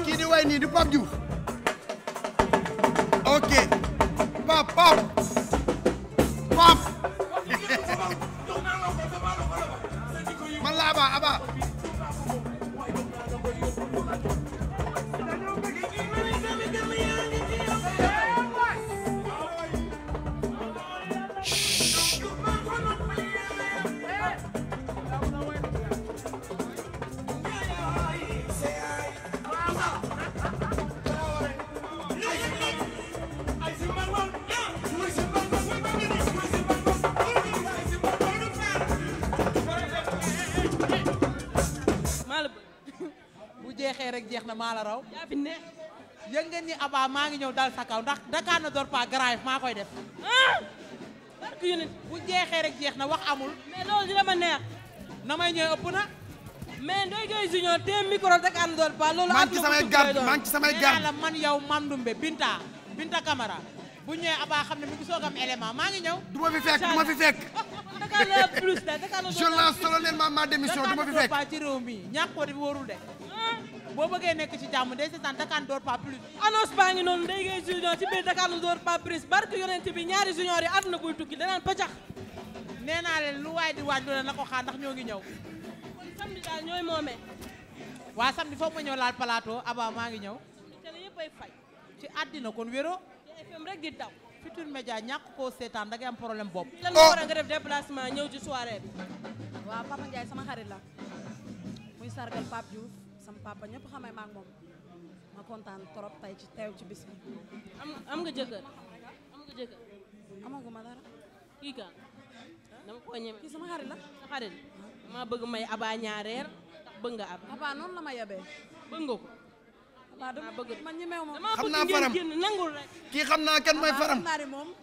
S1: kii eh, way nii di ok Pape Pape Pape man Aba Aba
S7: rek jeex na maa la raw. yaa ne. yëg ngeen ni Aba maa ngi ñëw dal sa kaw ndax Dakar ne dort pas maa koy def. Ah! barke bu jeexee rek jeex na wax amul. mais loolu dina ma neex. na may ñëw ëpp na. mais Ndoye Gueye Junior te micro Dakar ne dort loolu. maa ngi ci samay garde maa ngi ci samay garde la man yow Mandoumbe Binta Binta Camara bu ñëwee Aba xam ne mi ngi soog am élément maa ngi ñëw. du ma fi fekk du ma fi fekk.
S9: Dakar la plus de Dakar la. je lance solennellement ma fi fekk. ci réew mi
S7: ñàkk ko boo bëggee nekk ci jàmm de seetaan Dakar door pas plus. annonce baa ngi noonu day ngay junior ci biir Dakar door pas plus barke yonent bi ñaari junior yi tukki danaan pëcax. nee naa leen lu waay di na ko xaar ndax ñoo ngi ñëw. kon samedi waa samedi foofu ma ñëw laal plateau Aba maa ngi ñëw. ay fay. ci àddina kon wéro. FM rek di daw. Futurs Médias ñàkk koo seetaan da ngay am problème boobu lan nga war a nga def déplacement ñëw ci soirée bi. waaw Papa Ndiaye sama xarit la muy sargal sama papa ñëpp xamee ma ak moom ma kontaan trop tey ci teew ci bis bi. am am nga jëkkër am nga jëkkër. amaguma dara. kii kan. dama ko ñeme kii sama xarit la. maa bëgg may aba ñaareer ndax ab. abaa noonu la ma yebee. bëgg nga ko. waaw dama bëgg man xam naa faram dama bëgg ngeen may faram.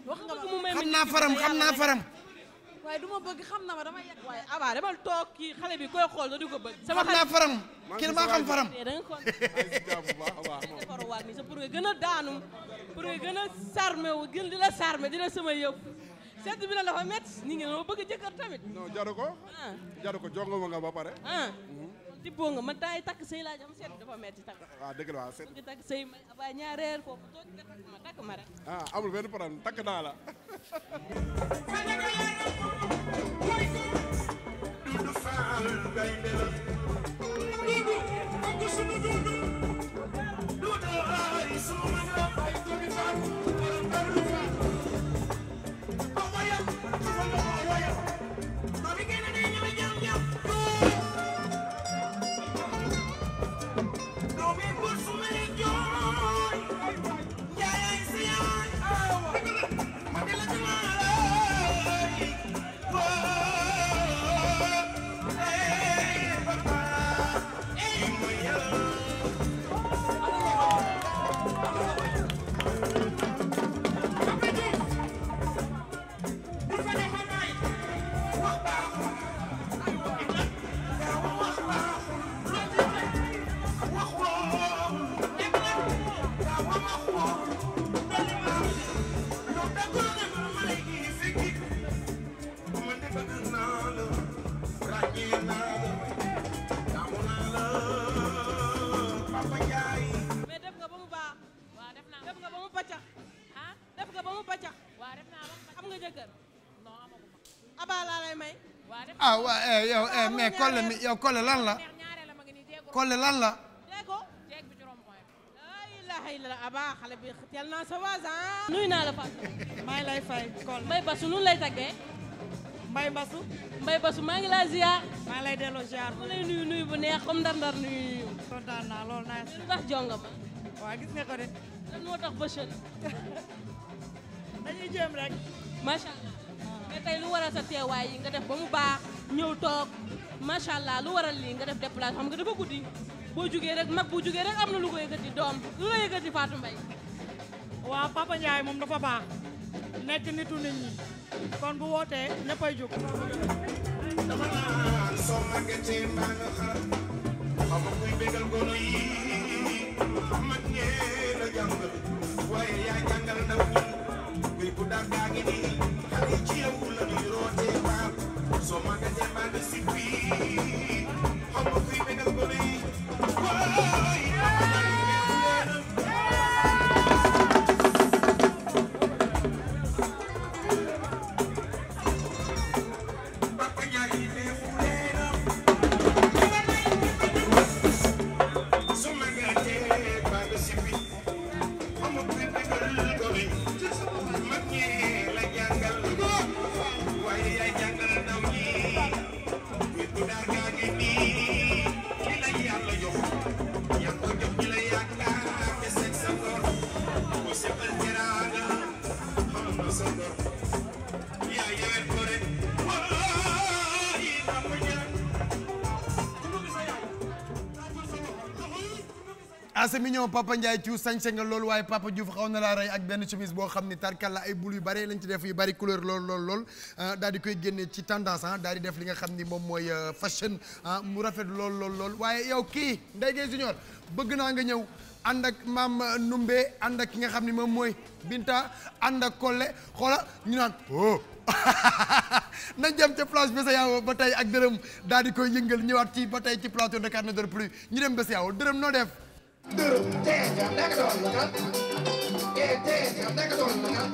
S7: wax nga ma xam naa faram xam naa faram. waaye du ma bëgg xam na ma damay yàq waaye abaa demal toog kii xale bi koy xool da di ko bëgg sama xale faram kii eh, maa xam faram da gën a daanu pour nga gën a sarme wu gën di la sarme di la sama yëpp sedd bi la dafa métti ñi ngi noo bëgg jëkkër tamit non jaru ko ah.
S9: jaru ko jongo ma nga ba pare
S11: ah.
S7: mhm. tibboo nga man taay takk sëy laaj am seet dafa metti takk
S11: waaw ah, dëgg la waaw seet ngi
S7: takk sëy may abaa ñaareel foofu toog ma
S6: takk ma rek
S12: ah amul benn problème takk naa la
S7: combat laa lay may. ah waaw eh, yow eh, mais Collé mi yow Collé lan
S1: la. Collé lan la.
S7: Ah. nuyu naa la Fatou. maa ngi lay fay Collé. Mbaye Basu nu lay tàggee. Mbaye Basu. Mbaye Basu maa ngi laa ziar. maa lay delloo ziar. mu lay nuyu nuyu bu neex comme ndar-ndar nuyu. kontaan naa loolu naa si. tax jonga ma. waaw gis nga ko de. lan moo tax ba dañuy jéem rek. macha allah. mais tey lu waral sa teewaay yi nga def ba mu baax ñëw toog macha allah lu waral lii nga def déplacé xam nga dafa guddi boo jugee rek mag bu jugee rek am na lu ko yëkkati doom lu la yëkkati Fatou Mbaye moom dafa baax nekk nitu nit ñi kon bu wootee ñëppay jóg
S6: soo màggatee mbaa nga xar xam nga kuy bégal gono yi mag ñee la waaye yaa jàngal ndaw ñi kuy bu dàggaa ngi nii xale ci yow sou magazinho, mas nesse fim.
S1: ñëw Papa Ndiaye Thiou sañse nga loolu waaye Papa Diouf xaw na laa rey ak benn chemise boo xam ni tarkalla ay bul yu bare lañ ci def yu bari couleur lool lool lool ah, daal di koy génne ci tendance ah daal di def li nga xam ni moom mooy euh, fashion ah mu rafet lool lool lool waaye yow kii Ndeye Gueye Junior bëgg naa nga ñëw ànd ak maam Numbe ànd ak ki nga xam ni moom mooy Binta ànd ak Kolle xoola ñu naan oh nañ dem ca plage Bessayaawo ba tey ak dërëm daal di koy yëngal ñëwaat ci ba tey ci plateau Dakar ne dort plus ñu dem Bessayaawo dërëm noo def. dërëm tey jam nekk doon la kan ee tey jam nekk doon la kan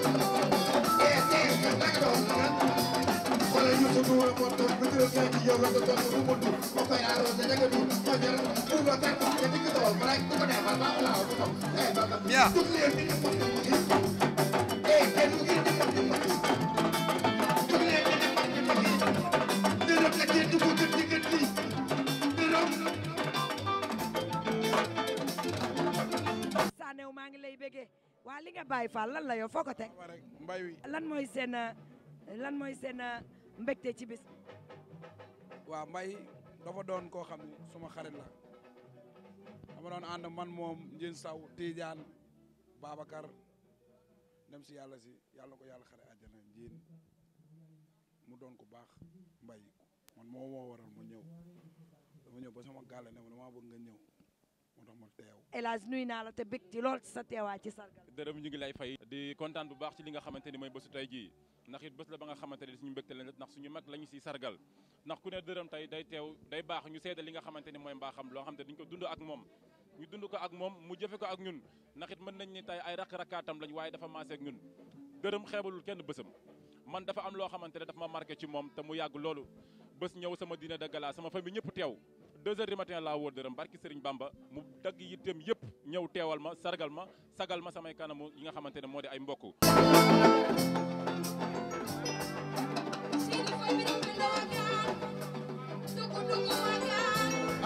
S1: ee tey jam nekk doon la kan wala ñu
S2: tudu wala mo to bu dërëm yaa ci yow la ko doon mu mu du ko fay naa roon sa jaga du ko jël bu la tak ko ci ko doon ma lay ko defal ba la ko doon eh ba ba bien
S5: New maa ngi lay bëggee waa li nga bàyyi Fall lan la foo ko teg lan mooy seen lan mooy seen uh, mbégte
S9: ci bis waa mbay dafa doon koo xam ne suma xarit la dama doon ànd man moom njën saw tiijaan baabakar dem si yàlla si yàlla ko yàlla xare àjjana njéen mu doon ku baax mbay man moo moo waral mu ñëw dama ñëw ba sama gàlle ne ma damaa bëgg nga ñëw
S5: El nuy naa la te bég ci lool ci sa teewaay ci sargal.
S10: dërëm ñu ngi lay fay. di kontaan bu baax ci li nga xamante ni mooy bésu tey jii ndaxit it bés la ba nga xamante ne suñu mbégte la ndax suñu mag la ñu siy sargal ndax ku ne dërëm tey day teew day baax ñu seede li nga xamante ni mooy mbaaxam loo xam ne dañu ko dund ak moom. ñu dund ko ak moom mu jëfe ko ak ñun ndax it mën nañ ni tey ay rakk-rakkaatam lañ waaye dafa maase ñun dërëm xeebalul kenn bësam man dafa am loo xamante ne dafa ma marqué ci moom te mu yàgg loolu bés ñëw sama dîner de gala sama famille ñëpp teew deux heures du matin laa woo dërëm barki Bamba mu dagg yitteem yëpp ñëw teewal ma sargal ma sagal ma samay kanam yi nga xamante ne moo
S6: de ay mbokk.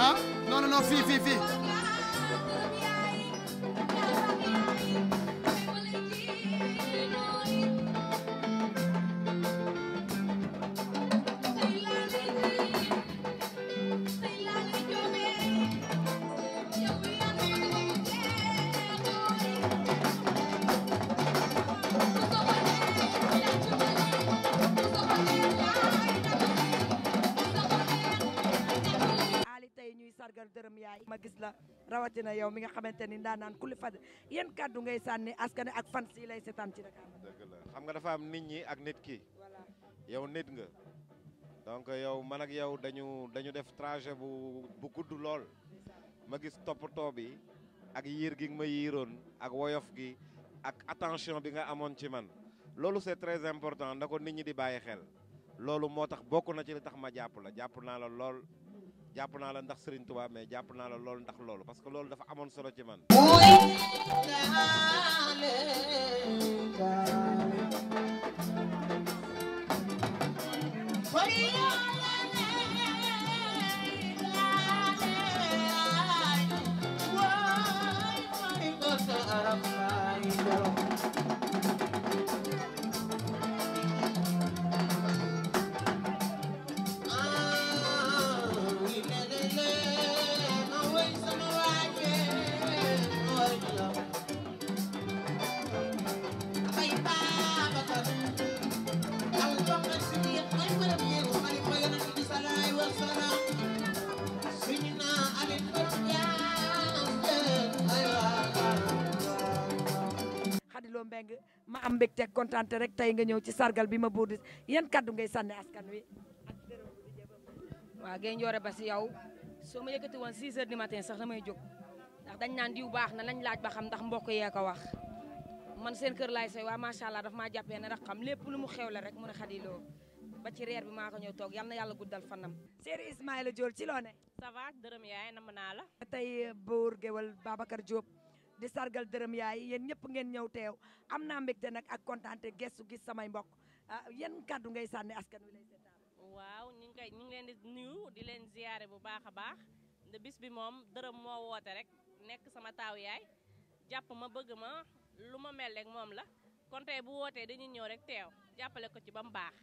S6: ah non non non fii
S1: fii
S5: ma gis la rawatina yow mi nga xamante ni naan kulli fad yéen kàddu ngay sànni askan ak fan si lay seetaan ci Dakar.
S10: dëgg la xam nga dafa am nit ñi ak nit ki. yow nit nga. donc yow man ak yow dañu dañu def trajet bu bu gudd lool. ma gis toppatoo bi ak yiir gi ma yiiroon ak woyof gi ak attention bi nga amoon ci man loolu c'est très important na ko nit ñi di bàyyi xel. loolu moo tax bokk na ci li tax ma jàpp la jàpp naa la lool. jàpp naa la ndax Serigne Touba mais jàpp naa la lool
S6: ndax loolu parce que loolu dafa amoon solo ci man. muy
S5: mbégte ak kontaan rek tey nga ñëw ci sargal bi ma buur di yan kaddu ngay sànni askan wi. waaw Guèye Ndiore ba si yow soo ma yëkkati woon 6 heures du matin sax damay jóg ndax dañ naan diw baax na nañ laaj ba xam ndax mbokk yee ko wax man seen kër laay say waa macha allah daf ma jàppee ne rek xam lépp lu mu xew la rek mu ne xadiloo ba ci reer bi maa ko ñëw toog yal na yàlla guddal fanam. Seeri a Diol ci loo ne.
S3: ça va dërëm yaay nam naa la.
S5: buur géwal Babacar di sargal dërëm yaay yéen ñëpp ngeen ñëw teew am naa mbégte nag ak kontaante gestu gis samay mbokk ah yan kàddu ngay sànni askan wi lay seetaan
S7: waaw ñu ngi koy ñu ngi leen di nuyu di leen ziyaare bu baax a baax de bis bi moom dërëm moo woote rek nekk sama taaw yaay jàpp ma bëgg ma lu ma mel rek moom la kon bu wootee dañuy ñëw rek teew jàppale ko ci ba mu baax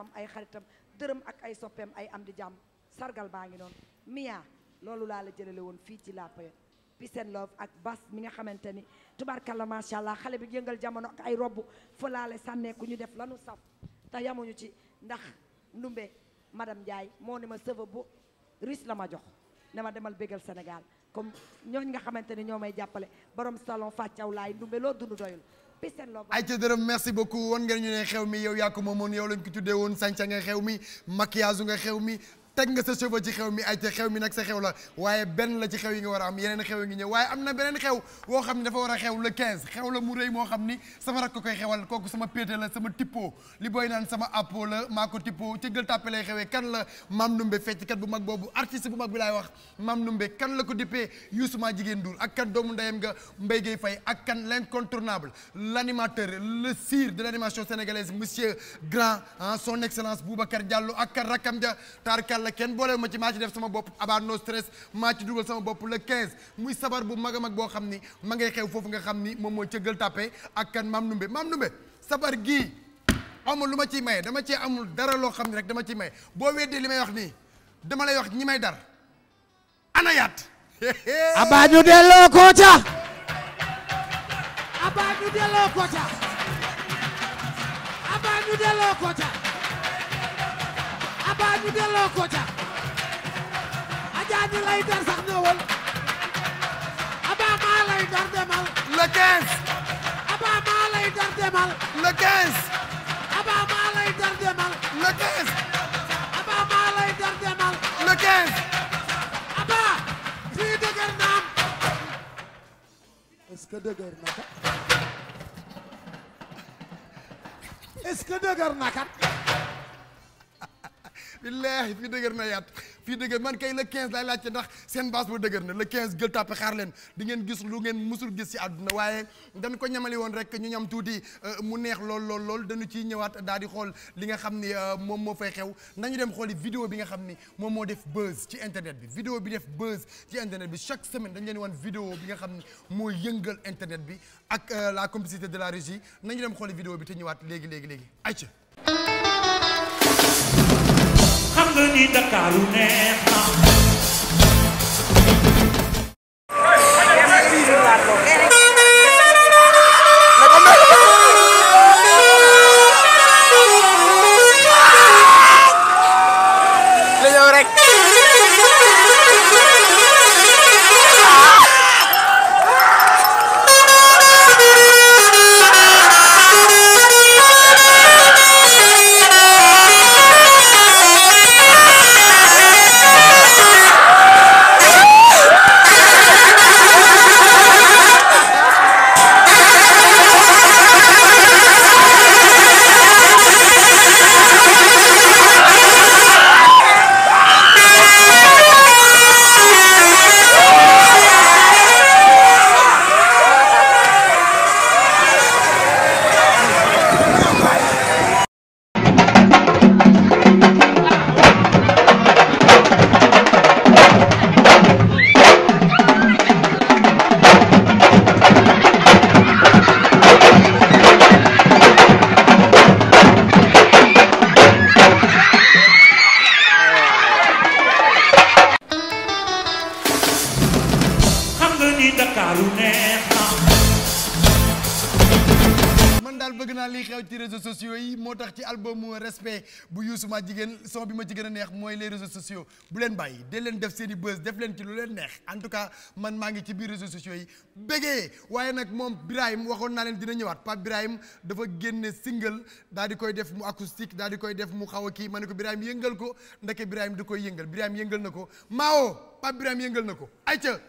S5: maamam ay xaritam dërëm ak ay soppeem ay am di jàmm sargal baa ngi noonu Mia loolu laa la jëlale woon fii ci La Poyette Peace and Love ak Bas mi nga xamante ni tubaarkalla macha allah xale bi jëngal jamono ak ay robb fa laale sànneeku ñu def lanu saf te yamuñu ci ndax ndumbe madam Ndiaye moo ne ma sëva bu riche la ma jox ne ma demal bégal Sénégal comme ñooñ nga xamante ni ñoo may jàppale borom salon fàccaw laay ndumbe loo dund doyul
S1: ayca dërëm merci beaucoup woon nga ñu ne xew mi yow yaa ko moomoon yow lañ ko tuddee woon sànca nga xew mi maquillage nga xew mi teg nga sa cheveux ci xew mi ay te xew mi nag sa xew la waaye benn la ci xew yi nga war a am yeneen xew yi ngi ñëw waaye am na beneen xew woo xam ni dafa war a xew le 15 xew la mu rëy moo xam ni sama rakk koy xewal kooku sama pété la sama tippo li booy naan sama appo la maa ko tippo ci gël tàppe lay xewee kan la Mame Ndoumbe fecckat bu mag boobu artiste bu mag bi laay wax Mame Ndoumbe kan la ko dippee Youssouma Jigéen Ndour ak kan doomu ndeyam nga Mbaye Gueye Faye ak kan l'incontournable l'animateur le sire de l'animation sénégalaise monsieur Grand son excellence Boubacar Diallo ak kan rakkam ja tarkal kenn booleel ma ci maa ci def sama bopp aba no stress maa ci dugal sama bopp la quinze muy sabar bu mag a mag boo xam ni ma ngay xew foofu nga xam ni moom mooy cëggal tàppe ak kan maam numbe maam numbe sabar gii amul lu ma ciy maye dama ci amul dara loo xam ne rek dama ci maye boo weddee li may wax nii dama lay wax ñi may dar ana yaat abaa ñu delloo
S2: ko ca baa ñu delloo ko ca Adja ñu lay dar sax ñëwal Aba maa lay dar demal le 15 Aba maa lay dar demal le 15 Aba maa lay dar demal le 15 Aba maa lay dar demal le 15 Aba fii dëgër naam est-ce que dëgër na kat
S1: est-ce que dëgër na kat billaahi fii dëgër na yaat fii dëgër man kay le 15 laay laajte ndax seen base ba dëgër na le 15 gël tàppe xaar leen di ngeen gis lu ngeen musul gis si àdduna waaye dañ ko ñamali woon rek ñu ñam tuuti euh, mu neex lool lool lool dañu ciy ñëwaat daal di xool li nga xam ni euh, moom moo fay xew nañu dem xooli vidéo bi nga xam ni moom moo def buzz ci internet bi vidéo bi def buzz ci internet bi chaque semaine dañu leen wan vidéo bi nga xam ni moo yëngal internet bi ak euh, la complicité de la régie nañu dem xooli vidéo bi te ñëwaat léegi léegi léegi ayca
S2: ni Ndakaaru neex na
S1: ngeen son bi ma ci gën a neex mooy les réseaux sociaux bu leen bàyyi de def seeni i buzz def leen ci lu leen neex en tout cas man maa ngi ci biir réseaux sociaux yi bégee waaye nag moom Birahim waxoon naa leen dina ñëwaat Pape Birahim dafa génne single daal di koy def mu acoustique daal di koy def mu xaw kii ma ne ko Birahim yëngal ko ndeke Birahim da koy yëngal Birahim yëngal na ko Mao Pape Birahim yëngal na ko ayca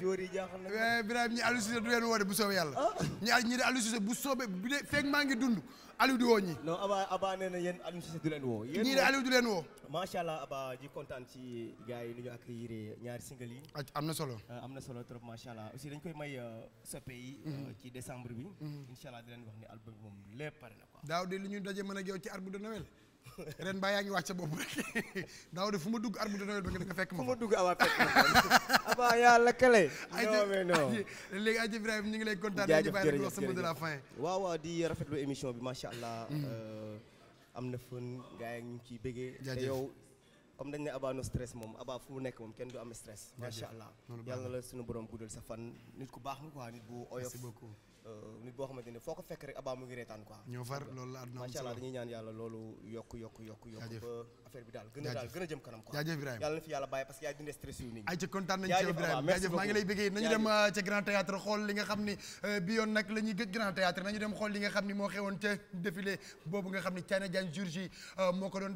S1: joueur yi jaaxal na. Eh, Birame ñi Aliou Cissé du leen woote bu soobee yàlla. Ah. ñi ñi di bu soobee bu dee fekk maa ngi dund Aliou di woo ñi. non Aba Aba nee na woo. yéen ñii de
S8: allah Aba di kontaan ci gars yi nu ñu accueillir ñaari single yi. am na solo. Ah, am na solo trop macha allah aussi dañ koy may euh, soppe yi. Euh, mm-hmm.
S1: ci décembre bi. Mm-hmm. incha allah di leen wax ni album moom lépp pare na daaw de li ñu daje mën ak yow ci arbre de Noël. ren baa yaa ngi wàcc sa bopp daaw de fu ma dugg arbitre nawet ba nga nga fekk ma fu ma dugg awa fekk ma yàlla kale léegi Aja
S8: Ibrahima ñu ngi lay kontaan ñu bàyyi rek wax sa mot de la fin waaw waaw di rafetlu émission bi macha allah mm. euh, am na fën gars yi ñu ciy bëggee te yow comme dañ ne Aba no stress moom Aba fu mu nekk moom kenn du am stress macha allah yàlla la suñu borom guddal sa fan nit ku baax ko quoi nit bu oyof Euh, nit boo xamante ni foo ko fekk rek abaa mu ngi reetaan quoi. ñoo far loolu la àdduna am solo macha allah dañuy ñaan yàlla loolu yokk yokk yokk. jaajëf ba affaire bi daal gën a jëm kanam quoi. jaajëf Ibrahima yàlla na fi yàlla bàyyi parce que yaay dindi stress yu nit ñi. ay ci kontaan nañ ci Ibrahima maa ngi lay bëggee nañu dem
S1: euh, ca Grand Théâtre xool li nga xam ni euh, bi yoon nag la ñuy gëj Grand Théâtre nañu dem xool li nga xam ni moo xewoon ca défilé boobu nga xam ni Thiana Diagne jour ji moo ko doon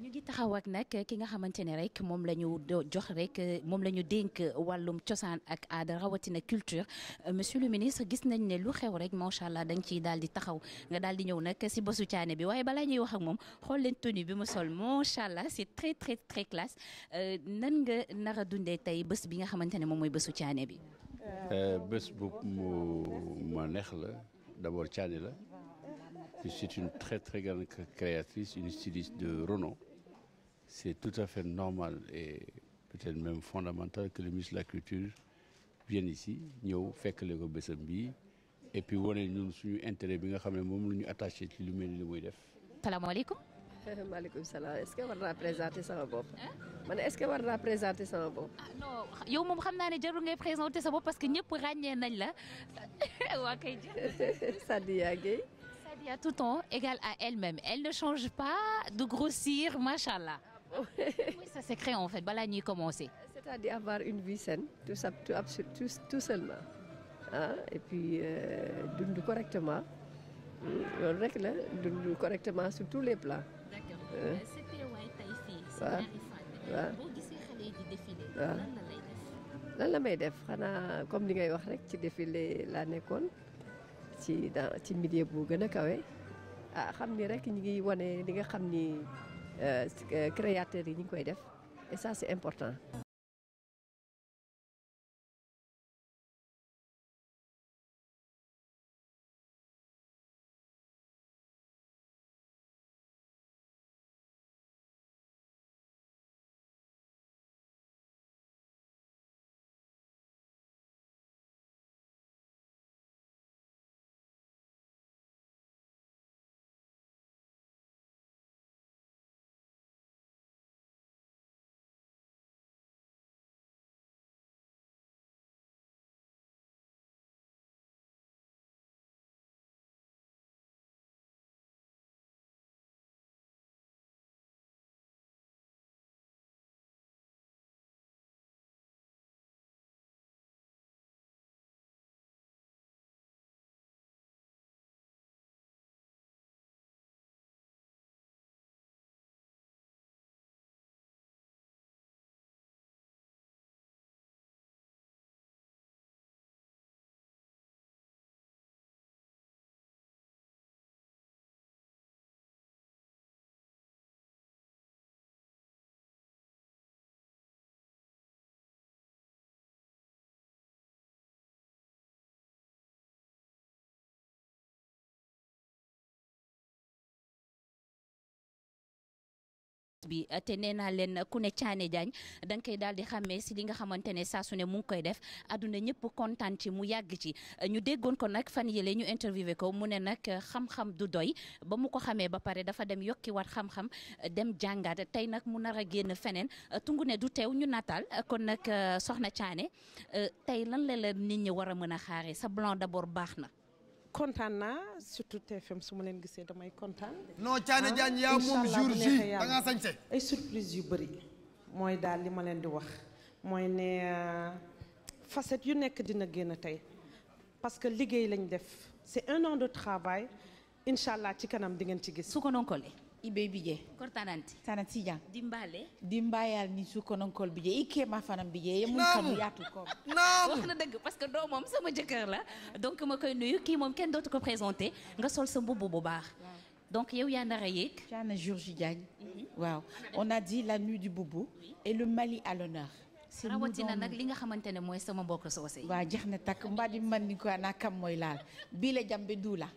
S4: ñu ngi taxaw ak nag ki nga xamante ne rek moom la ñu jox rek moom la
S3: dénk wàllum cosaan ak aada rawatina culture monsieur le ministre gis nañ ne lu xew rek macha allah da ciy daal di taxaw daal di ñëw nag si bësu caane bi waaye balaa ñuy wax ak moom xool leen tenue bi mu sol macha allah c'est très très très classe euh, nan nga nar a dundee tey bés bi nga xamante ne moom mooy bësu caane bi.
S11: Euh, bés bu mu ma neex la d'abord caane la. c'est une très très grande créatrice, une styliste de renom. C'est tout à fait normal et peut-être même fondamental que le ministre la Culture vienne ici ñëw fekkale ko bésam bii et puis wane ñun suñu intérêt bi nga xam ne moom la ñu attaché ci lu mel ni li muy def. salaamaaleykum. maaleykum salaam est-ce que war naa présenter sama bopp. man est-ce que war naa présenter sama bopp. Ah,
S3: yow moom xam naa ne jarul ngay présenter sa bopp parce que ñëpp rañee nañ la waa kay.
S10: Sadiya Gueye.
S3: bien tout temps égale à elle-même elle ne change pas de grossir machallah oui ça balaa ñuy commencer c'est-à-dire avoir
S8: une vie saine tout ça tout tout, tout seulement et puis euh, dund correctement hmm, loolu rek la dund correctement sur tous les plans.
S3: Euh. Euh,
S8: la lay def. xanaa
S10: comme li ngay wax rek ci défilé laa nekkoon. ci dans ci bu gën a kawe ah xam ni rek ñu gi wane li nga xam ni
S4: euh, euh, créateurs yi ñu ngi koy def et ça c'est important. bi te nee naa leen ku ne Thiané Diagne da nga koy daal di xàmmee si li nga xamante
S3: ne saa su ne mu ngi koy def àdduna ñëpp kontaan ci mu yàgg ci ñu déggoon ko nag fan yële ñu interviewé ko mu ne nag xam-xam du doy ba mu ko xamee ba pare dafa dem yokkiwaat xam-xam dem jàngaat tey nag mu nar a génn feneen tungu ne du teew ñu nataal kon nag soxna Thiané tey lan la leen nit ñi war a mën a xaaree sa blanc d'abord baax na.
S7: kontaan naa surtout TFM su ma leen gisee damay kontaan. non Thiané ah, Diagne yaa moom jour ji da ngaa sañse ay surprise yu bëri mooy daal li ma leen di wax mooy ne euh, facette yu nekk dina génn tey parce que liggéey lañ def c'est un an de travail incha ci kanam di ngeen ci gis. su ko ibe bije kortananti tananti jang dimbale dimbayal ni su kononkol bije ikke ma fanam bije
S3: yemul kanu yaatu ko non wax na dëgg parce que doo moom sama jëkkër la donc ma koy nuyu kii moom kenn dootu ko présenté nga sol sa mbubb bu baax donc yow yaa nar a yéeg yaa na jour ji
S7: waaw on a dit la nuit du boubou et le Mali à l'honneur
S3: rawatina
S6: nag li
S7: nga xamante ne mooy sama mbokk soose. waaw jeex na takk mbaa di man ni ko anakam mooy laal bii
S3: la
S4: la.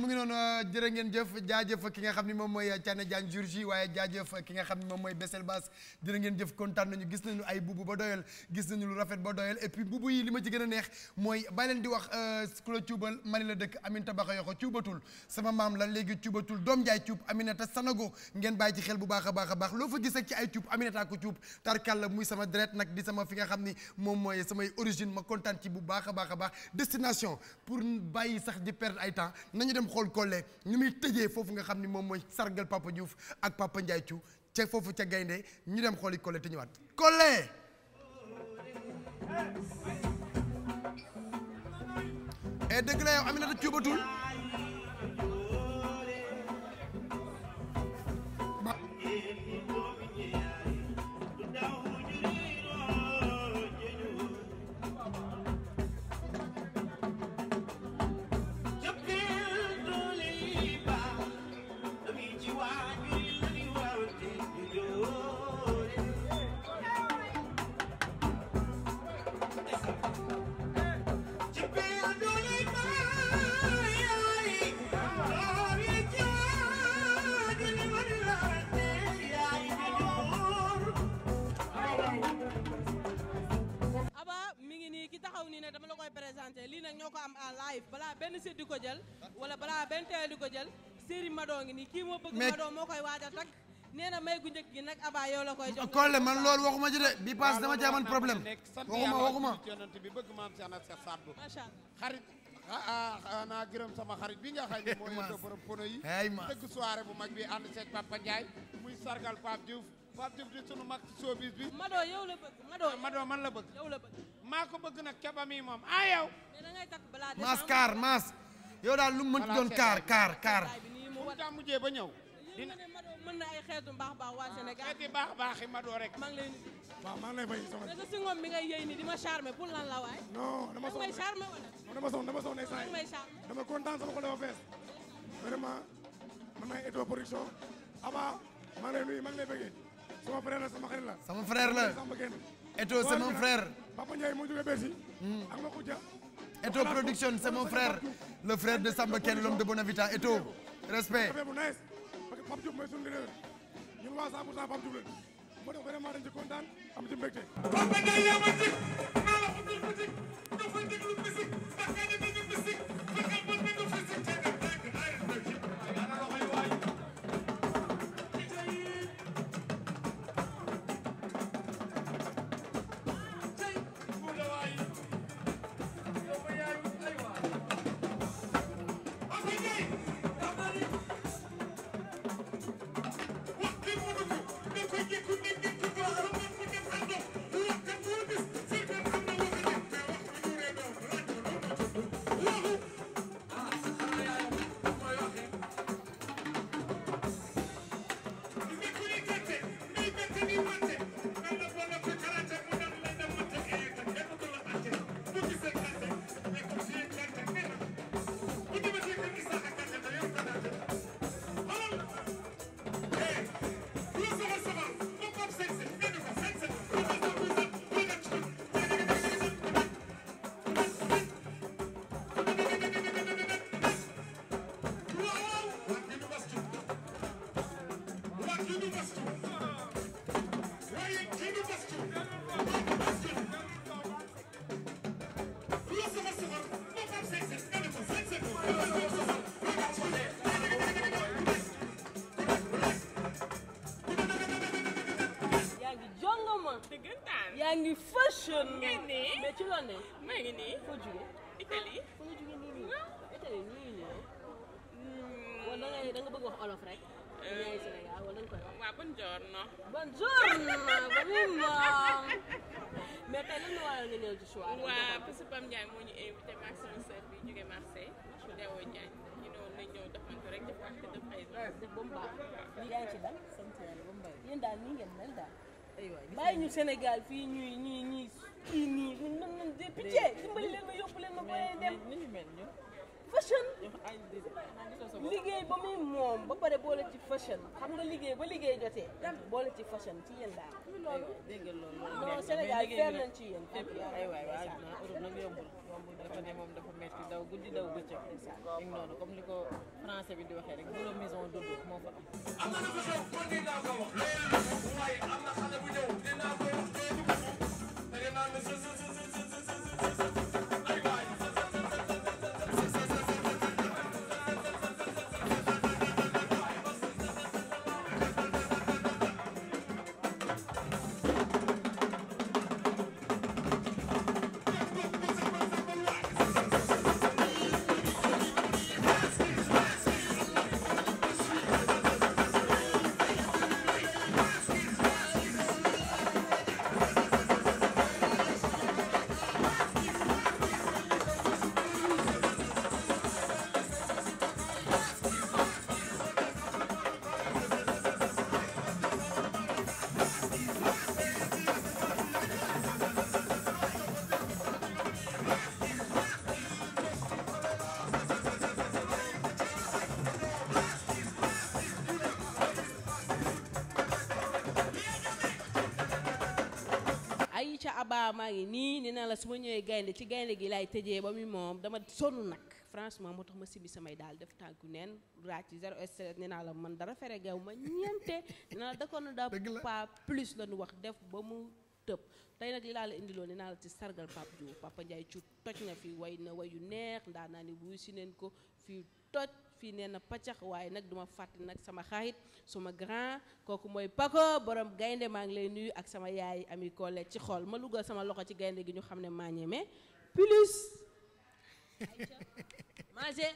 S4: mu ngi noonu euh, jërë ngeen jëf jaajëf ki nga xam ni moom mooy euh, Thiané Diagne jour ji waaye
S1: jaajëf ki nga xam ni moom mooy Bessel Bass jërë ngeen jëf kontaan nañu gis nañu ay bubu ba doyal gis nañu lu rafet ba doyal et puis bubu yi li ci gën a neex mooy bàyyi leen di wax euh, la cuubal mani la dëkk Aminata Baxa Yoko cuubatul sama maam la léegi cuubatul doom ci xel bu baax a baax a baax loo fa gis ak ci ay cuub Aminata ko cuub tarkal la muy sama deret nag di sama fi nga xam ni moom mooy samay origine ma kontaan ci bu baax a baax a baax destination pour bàyyi sax di perdre ay dem xool Collé ni muy tëjee foofu nga xam ni moom mooy sargal Papa Diouf ak Papa Ndiaye Thiou ca foofu ca gaynde ñu dem xooli Collé te ñëwaat Collé e eh, dëgg la yow Aminata cuubatul
S7: nag ñoo ko am en live balaa benn site di ko jël wala balaa benn télé ko jël Serigne Mado ngi nii kii moo bëgg Mado moo koy waaj a takk na may gu njëkk gi nag Aba yow la koy jox Kole man loolu
S9: waxuma ji de bi pass dama ci amoon problème waxuma waxuma yonent bi bëgg maam si anat sa sàbb xarit xanaa ah, ah, ah, gërëm sama xarit bi nga xam ne mooy borom pono yi dëgg soirée bu mag bi ànd seeg Papa Ndiaye muy sargal Pape Diouf di sunu mag ci showbiz bi. Mado yow la bëgg Mado. Mado man la bëgg. yow la bëgg. ko bëgg na keba mii moom ah yow. mais da ngay takk balaa maas kaar maas. yow
S1: daal lu mu mënti doon kaar kaar kaar.
S9: mu daa mujjee ba ñëw. dina ne Mado mën na ay xeetu
S7: baax baax waa ah, Sénégal. xeeti baax baax yi Mado rek. maa ngi lay nuyu.
S9: waaw maa ngi lay bay sama.
S7: mais si ngoom mi ngay yëy ni ma charmer pour lan la waay. non dama soxla may charmer wala.
S9: dama soxla dama soxla instant
S7: yii
S9: dama kontaan sama xol dafa fees. vraiment man naa Eto production Aba maa ngi lay nuyu maa bëggee sama frère la sama xarit la.
S1: sama frère Eto c'est mon frère. Papa Ndiaye moo jógee Bercy. Hmm. ak ma Koutia. Eto production se mon frère. le frère de Samba Ken l'homme de Bonavita Eto. respect affaire bu nice parce que Pape Diouf mooy suñu leader
S9: ñun waa 100 pour 100 Pape Diouf lañu. moo tax vraiment dañ ci kontaan
S1: jig naa
S7: yaa ngi fashion. nga nii mais ci loo ne. maa ngi nii foo jugee. Italie. Ah, foo jugee nii nii Italie nii ñëw.
S6: Hmm. wala da nga
S7: da nga bëgg wax olof rek. ñaay euh, Sénégal wala nga koy wax. waaw buongiorno. buongiorno mais tey lan la waral nga ñëw ci soir. waaw parce que Pam Ndiaye moo ñu invité maak sama sœur bi jugee Marseille. Dewoo Ndiaye ñu ne woon nañ ñëw doxantu rek def acte de présence. def ba mu baax. lii yaa ngi ci dal sant yàlla ba mu baax. yéen daal nii ngeen mel daal. bàyyi ñu Sénégal fii ñuy nii ñuy nii ñun mën nañu de pitié dimbali leen ma yóbbu leen ma booyee dem. fashion liggéey ba muy moom ba pare boole ci fashion xam nga liggéey ba liggéey jotee boole ci fashion ci yéen daal dégg nga loolu Sénégal fer nañ ci ay waay waay nag yombul dafa ne moom dafa metti daw guddi daw bëccëg dégg noonu comme ni ko français bi di waxee rek borom maison de bourse moo fa am am na lu xew kon dinaa ko wax loolu waaye am na xale bu ñëw dinaa ko wax dee dugg baa maa ngi nii ne naa la su ma ñëwee gaynde ci gaynde gi lay tëjee ba muy moom dama sonn nag franchement moo tax ma simbi samay daal def tànku neen raaj ci zéro stress nee naa la man dara fere gaw ma ñeente nee naa la dakoon na daa pas plus la ñu wax def ba mu tëb tey nag li laa la indiloon nee naa la ci sargal Pape Diouf Papa Ndiaye ci toj na fi way na wayu neex ndaa naa ne wuy si neen ko fii toj fii nee na paccax waaye nag duma fàttali nag sama xarit suma grand kooku mooy Paco boroom gaynde maa ngi lay nuyu ak sama yaay ami collègue ci xool ma lugal sama loxo ci gaynde gi ñu xam ne maa ñeme plus manger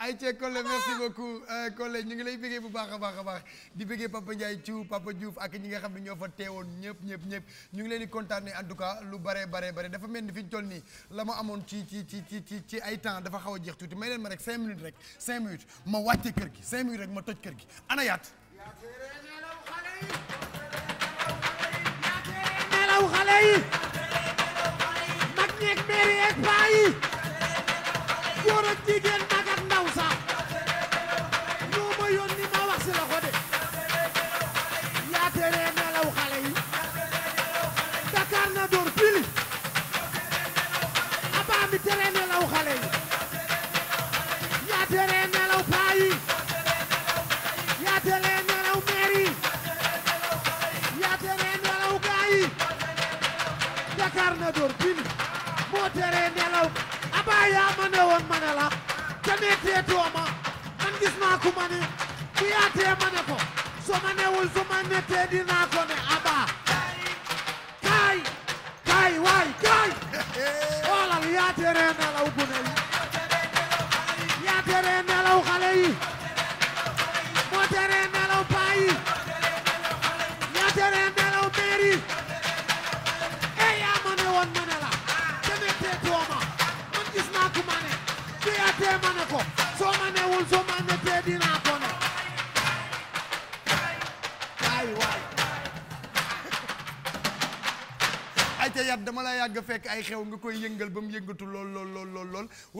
S1: ayca Collé merci beaucoup Collé euh, ñu ngi lay bëggee bu baax a baax a baax di bëggee Papa Ndiaye Thiou Papa Diouf ak ñi nga xam ne ñoo fa teewoon ñëpp ñëpp ñëpp ñu ngi leen di kontaane en tout cas lu bare bare bare dafa mel ni fi ñu toll nii la ma amoon ci ci ci ci ci ci ay dafa xaw a jeex tuuti may leen ma rek cinq minutes rek cinq minutes ma wàcce kër gi cinq rek ma toj kër gi ana yaat nelaw yi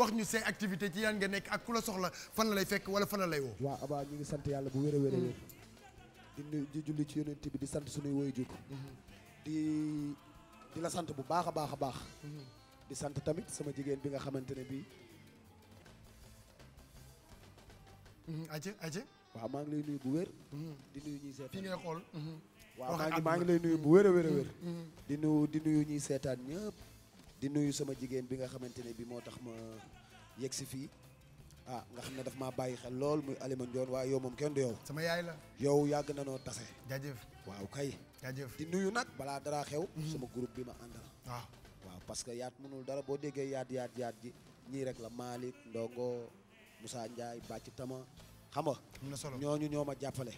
S1: wax ñu say activité ci yan nga nekk ak ku la soxla fan la lay fekk wala fan la lay woo. waa Aba ñu ngi sant yàlla bu wér a wér a wér mm-hmm. di
S9: nuyu ci yonent bi di sant suñuy waajur mm-hmm. di di la sant bu baax a baax a baax. Mm-hmm. di sant tamit sama jigéen bi nga xamante ne bii. aje aje waaw maa ngi lay nuyu bu wér. di nuyu ñuy seetaan fi xool. waaw maa maa ngi lay nuyu bu wér a wér a wér. di nuyu di nuyu ñuy seetaan ñëpp. di nuyu sama jigéen bi nga xamante ne bi moo tax ma yegg si fii ah nga xam ne daf ma bàyyi xel lool muy Alima Ndione waaye yow moom kenn du yow. sama yaay la. yow yàgg na noo tase. jaajëf waaw kay. jaajëf di nuyu nag balaa dara xew. Mhm. sama groupe bi ma àndal. waaw ah. waaw parce que yaat mënul dara boo déggee yaat yaat yaat ji ñii rek la Malick Ndongo musaa Ndiaye Bàcc Tama xam nga. am na solo ñooñu ñoo ma jàppale.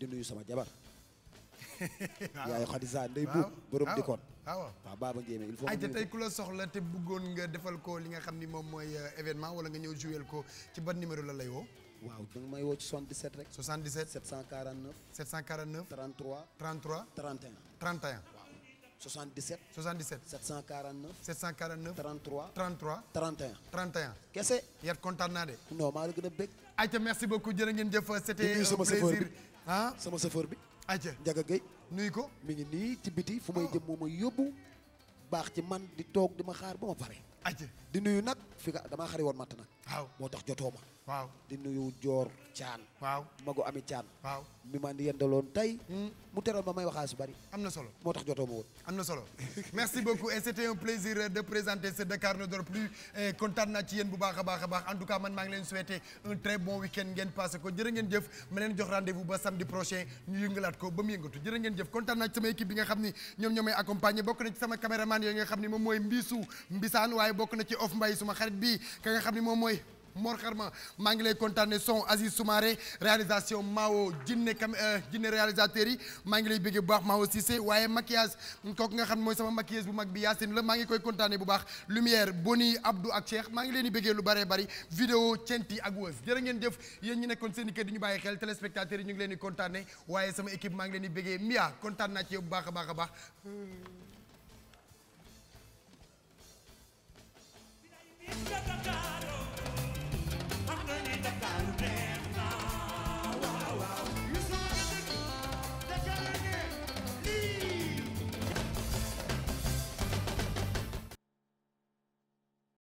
S9: di nuyu sama jabar. yaayu Khadija ndey buub borom dikoon ah waaw waaw Baba Ndiémé il faut. ayca tey
S1: ku la soxla te bëggoon nga defal ko li nga xam ni moom mooy euh, événement wala nga ñëw jouer ko ci ban numéro la lay woo. waaw da nga may woo ci 77 rek. 77 749. 749 33. 33 31. 31 waaw. 77. 77.
S9: 749. 749. 33. 33. 31. 31. kese. yat kontaan naa de. non maa ngi gën a bëgg.
S1: ayca merci beaucoup jërë ngeen
S9: jëf. c'était un plaisir di nuyu sama chauffeur bi. ah sama chauffeur bi. ayca Ndiaga Gueye. nuyu ko mi ngi nii ci biti fu may oh. jëm moo ma yóbbu baax ci man di toog di ma xaar ba ma pare. di nuyu nag fi ka damaa xari woon matt nag. waaw moo tax jotoo ma. waaw di nuyu Joor Caan waaw mago ami Caan waaw mi ma yendaloon tey hmm. mu teral ma may waxaa bari am na solo moo tax jotoo ma woon
S1: am na solo merci beaucoup et c'était a baax a baax en tout cas man maa ngi leen souhaiter un ngeen passé ko jërë ngeen jëf ma jox rendez ba samedi prochain ñu yëngalaat ko ba mu yëngatu jërë ngeen jëf kontaan naa ci sama équipe bi nga xam ni ñoom ñoo may bokk na ci sama caméraman yooyu nga xam ni moom mooy Mbisu Mbisaan waaye bokk na ci of Mbay suma xarit bi xam ni moom mooy Mor Xarma maa ngi lay kontaane son Aziz Soumaré réalisation Mao jinne cam euh, jinne réalisateur yi maa ngi lay bëggee bu baax si Cissé waaye maquillage kooku nga xam mooy sama maquilleuse bu mag bi Yacine la maa ngi koy kontaane bu baax lumière Boni Abdou ak Cheikh maa ngi leen di bëggee lu bëree bëri vidéo centi ak wës jërë ngeen jëf yéen ñu nekkoon seen i kër di ñu bàyyi xel téléspectateurs yi ñu ngi leen kontaane waaye sama équipe maa ngi leen di bëggee Mia kontaan naa
S6: a a Dakar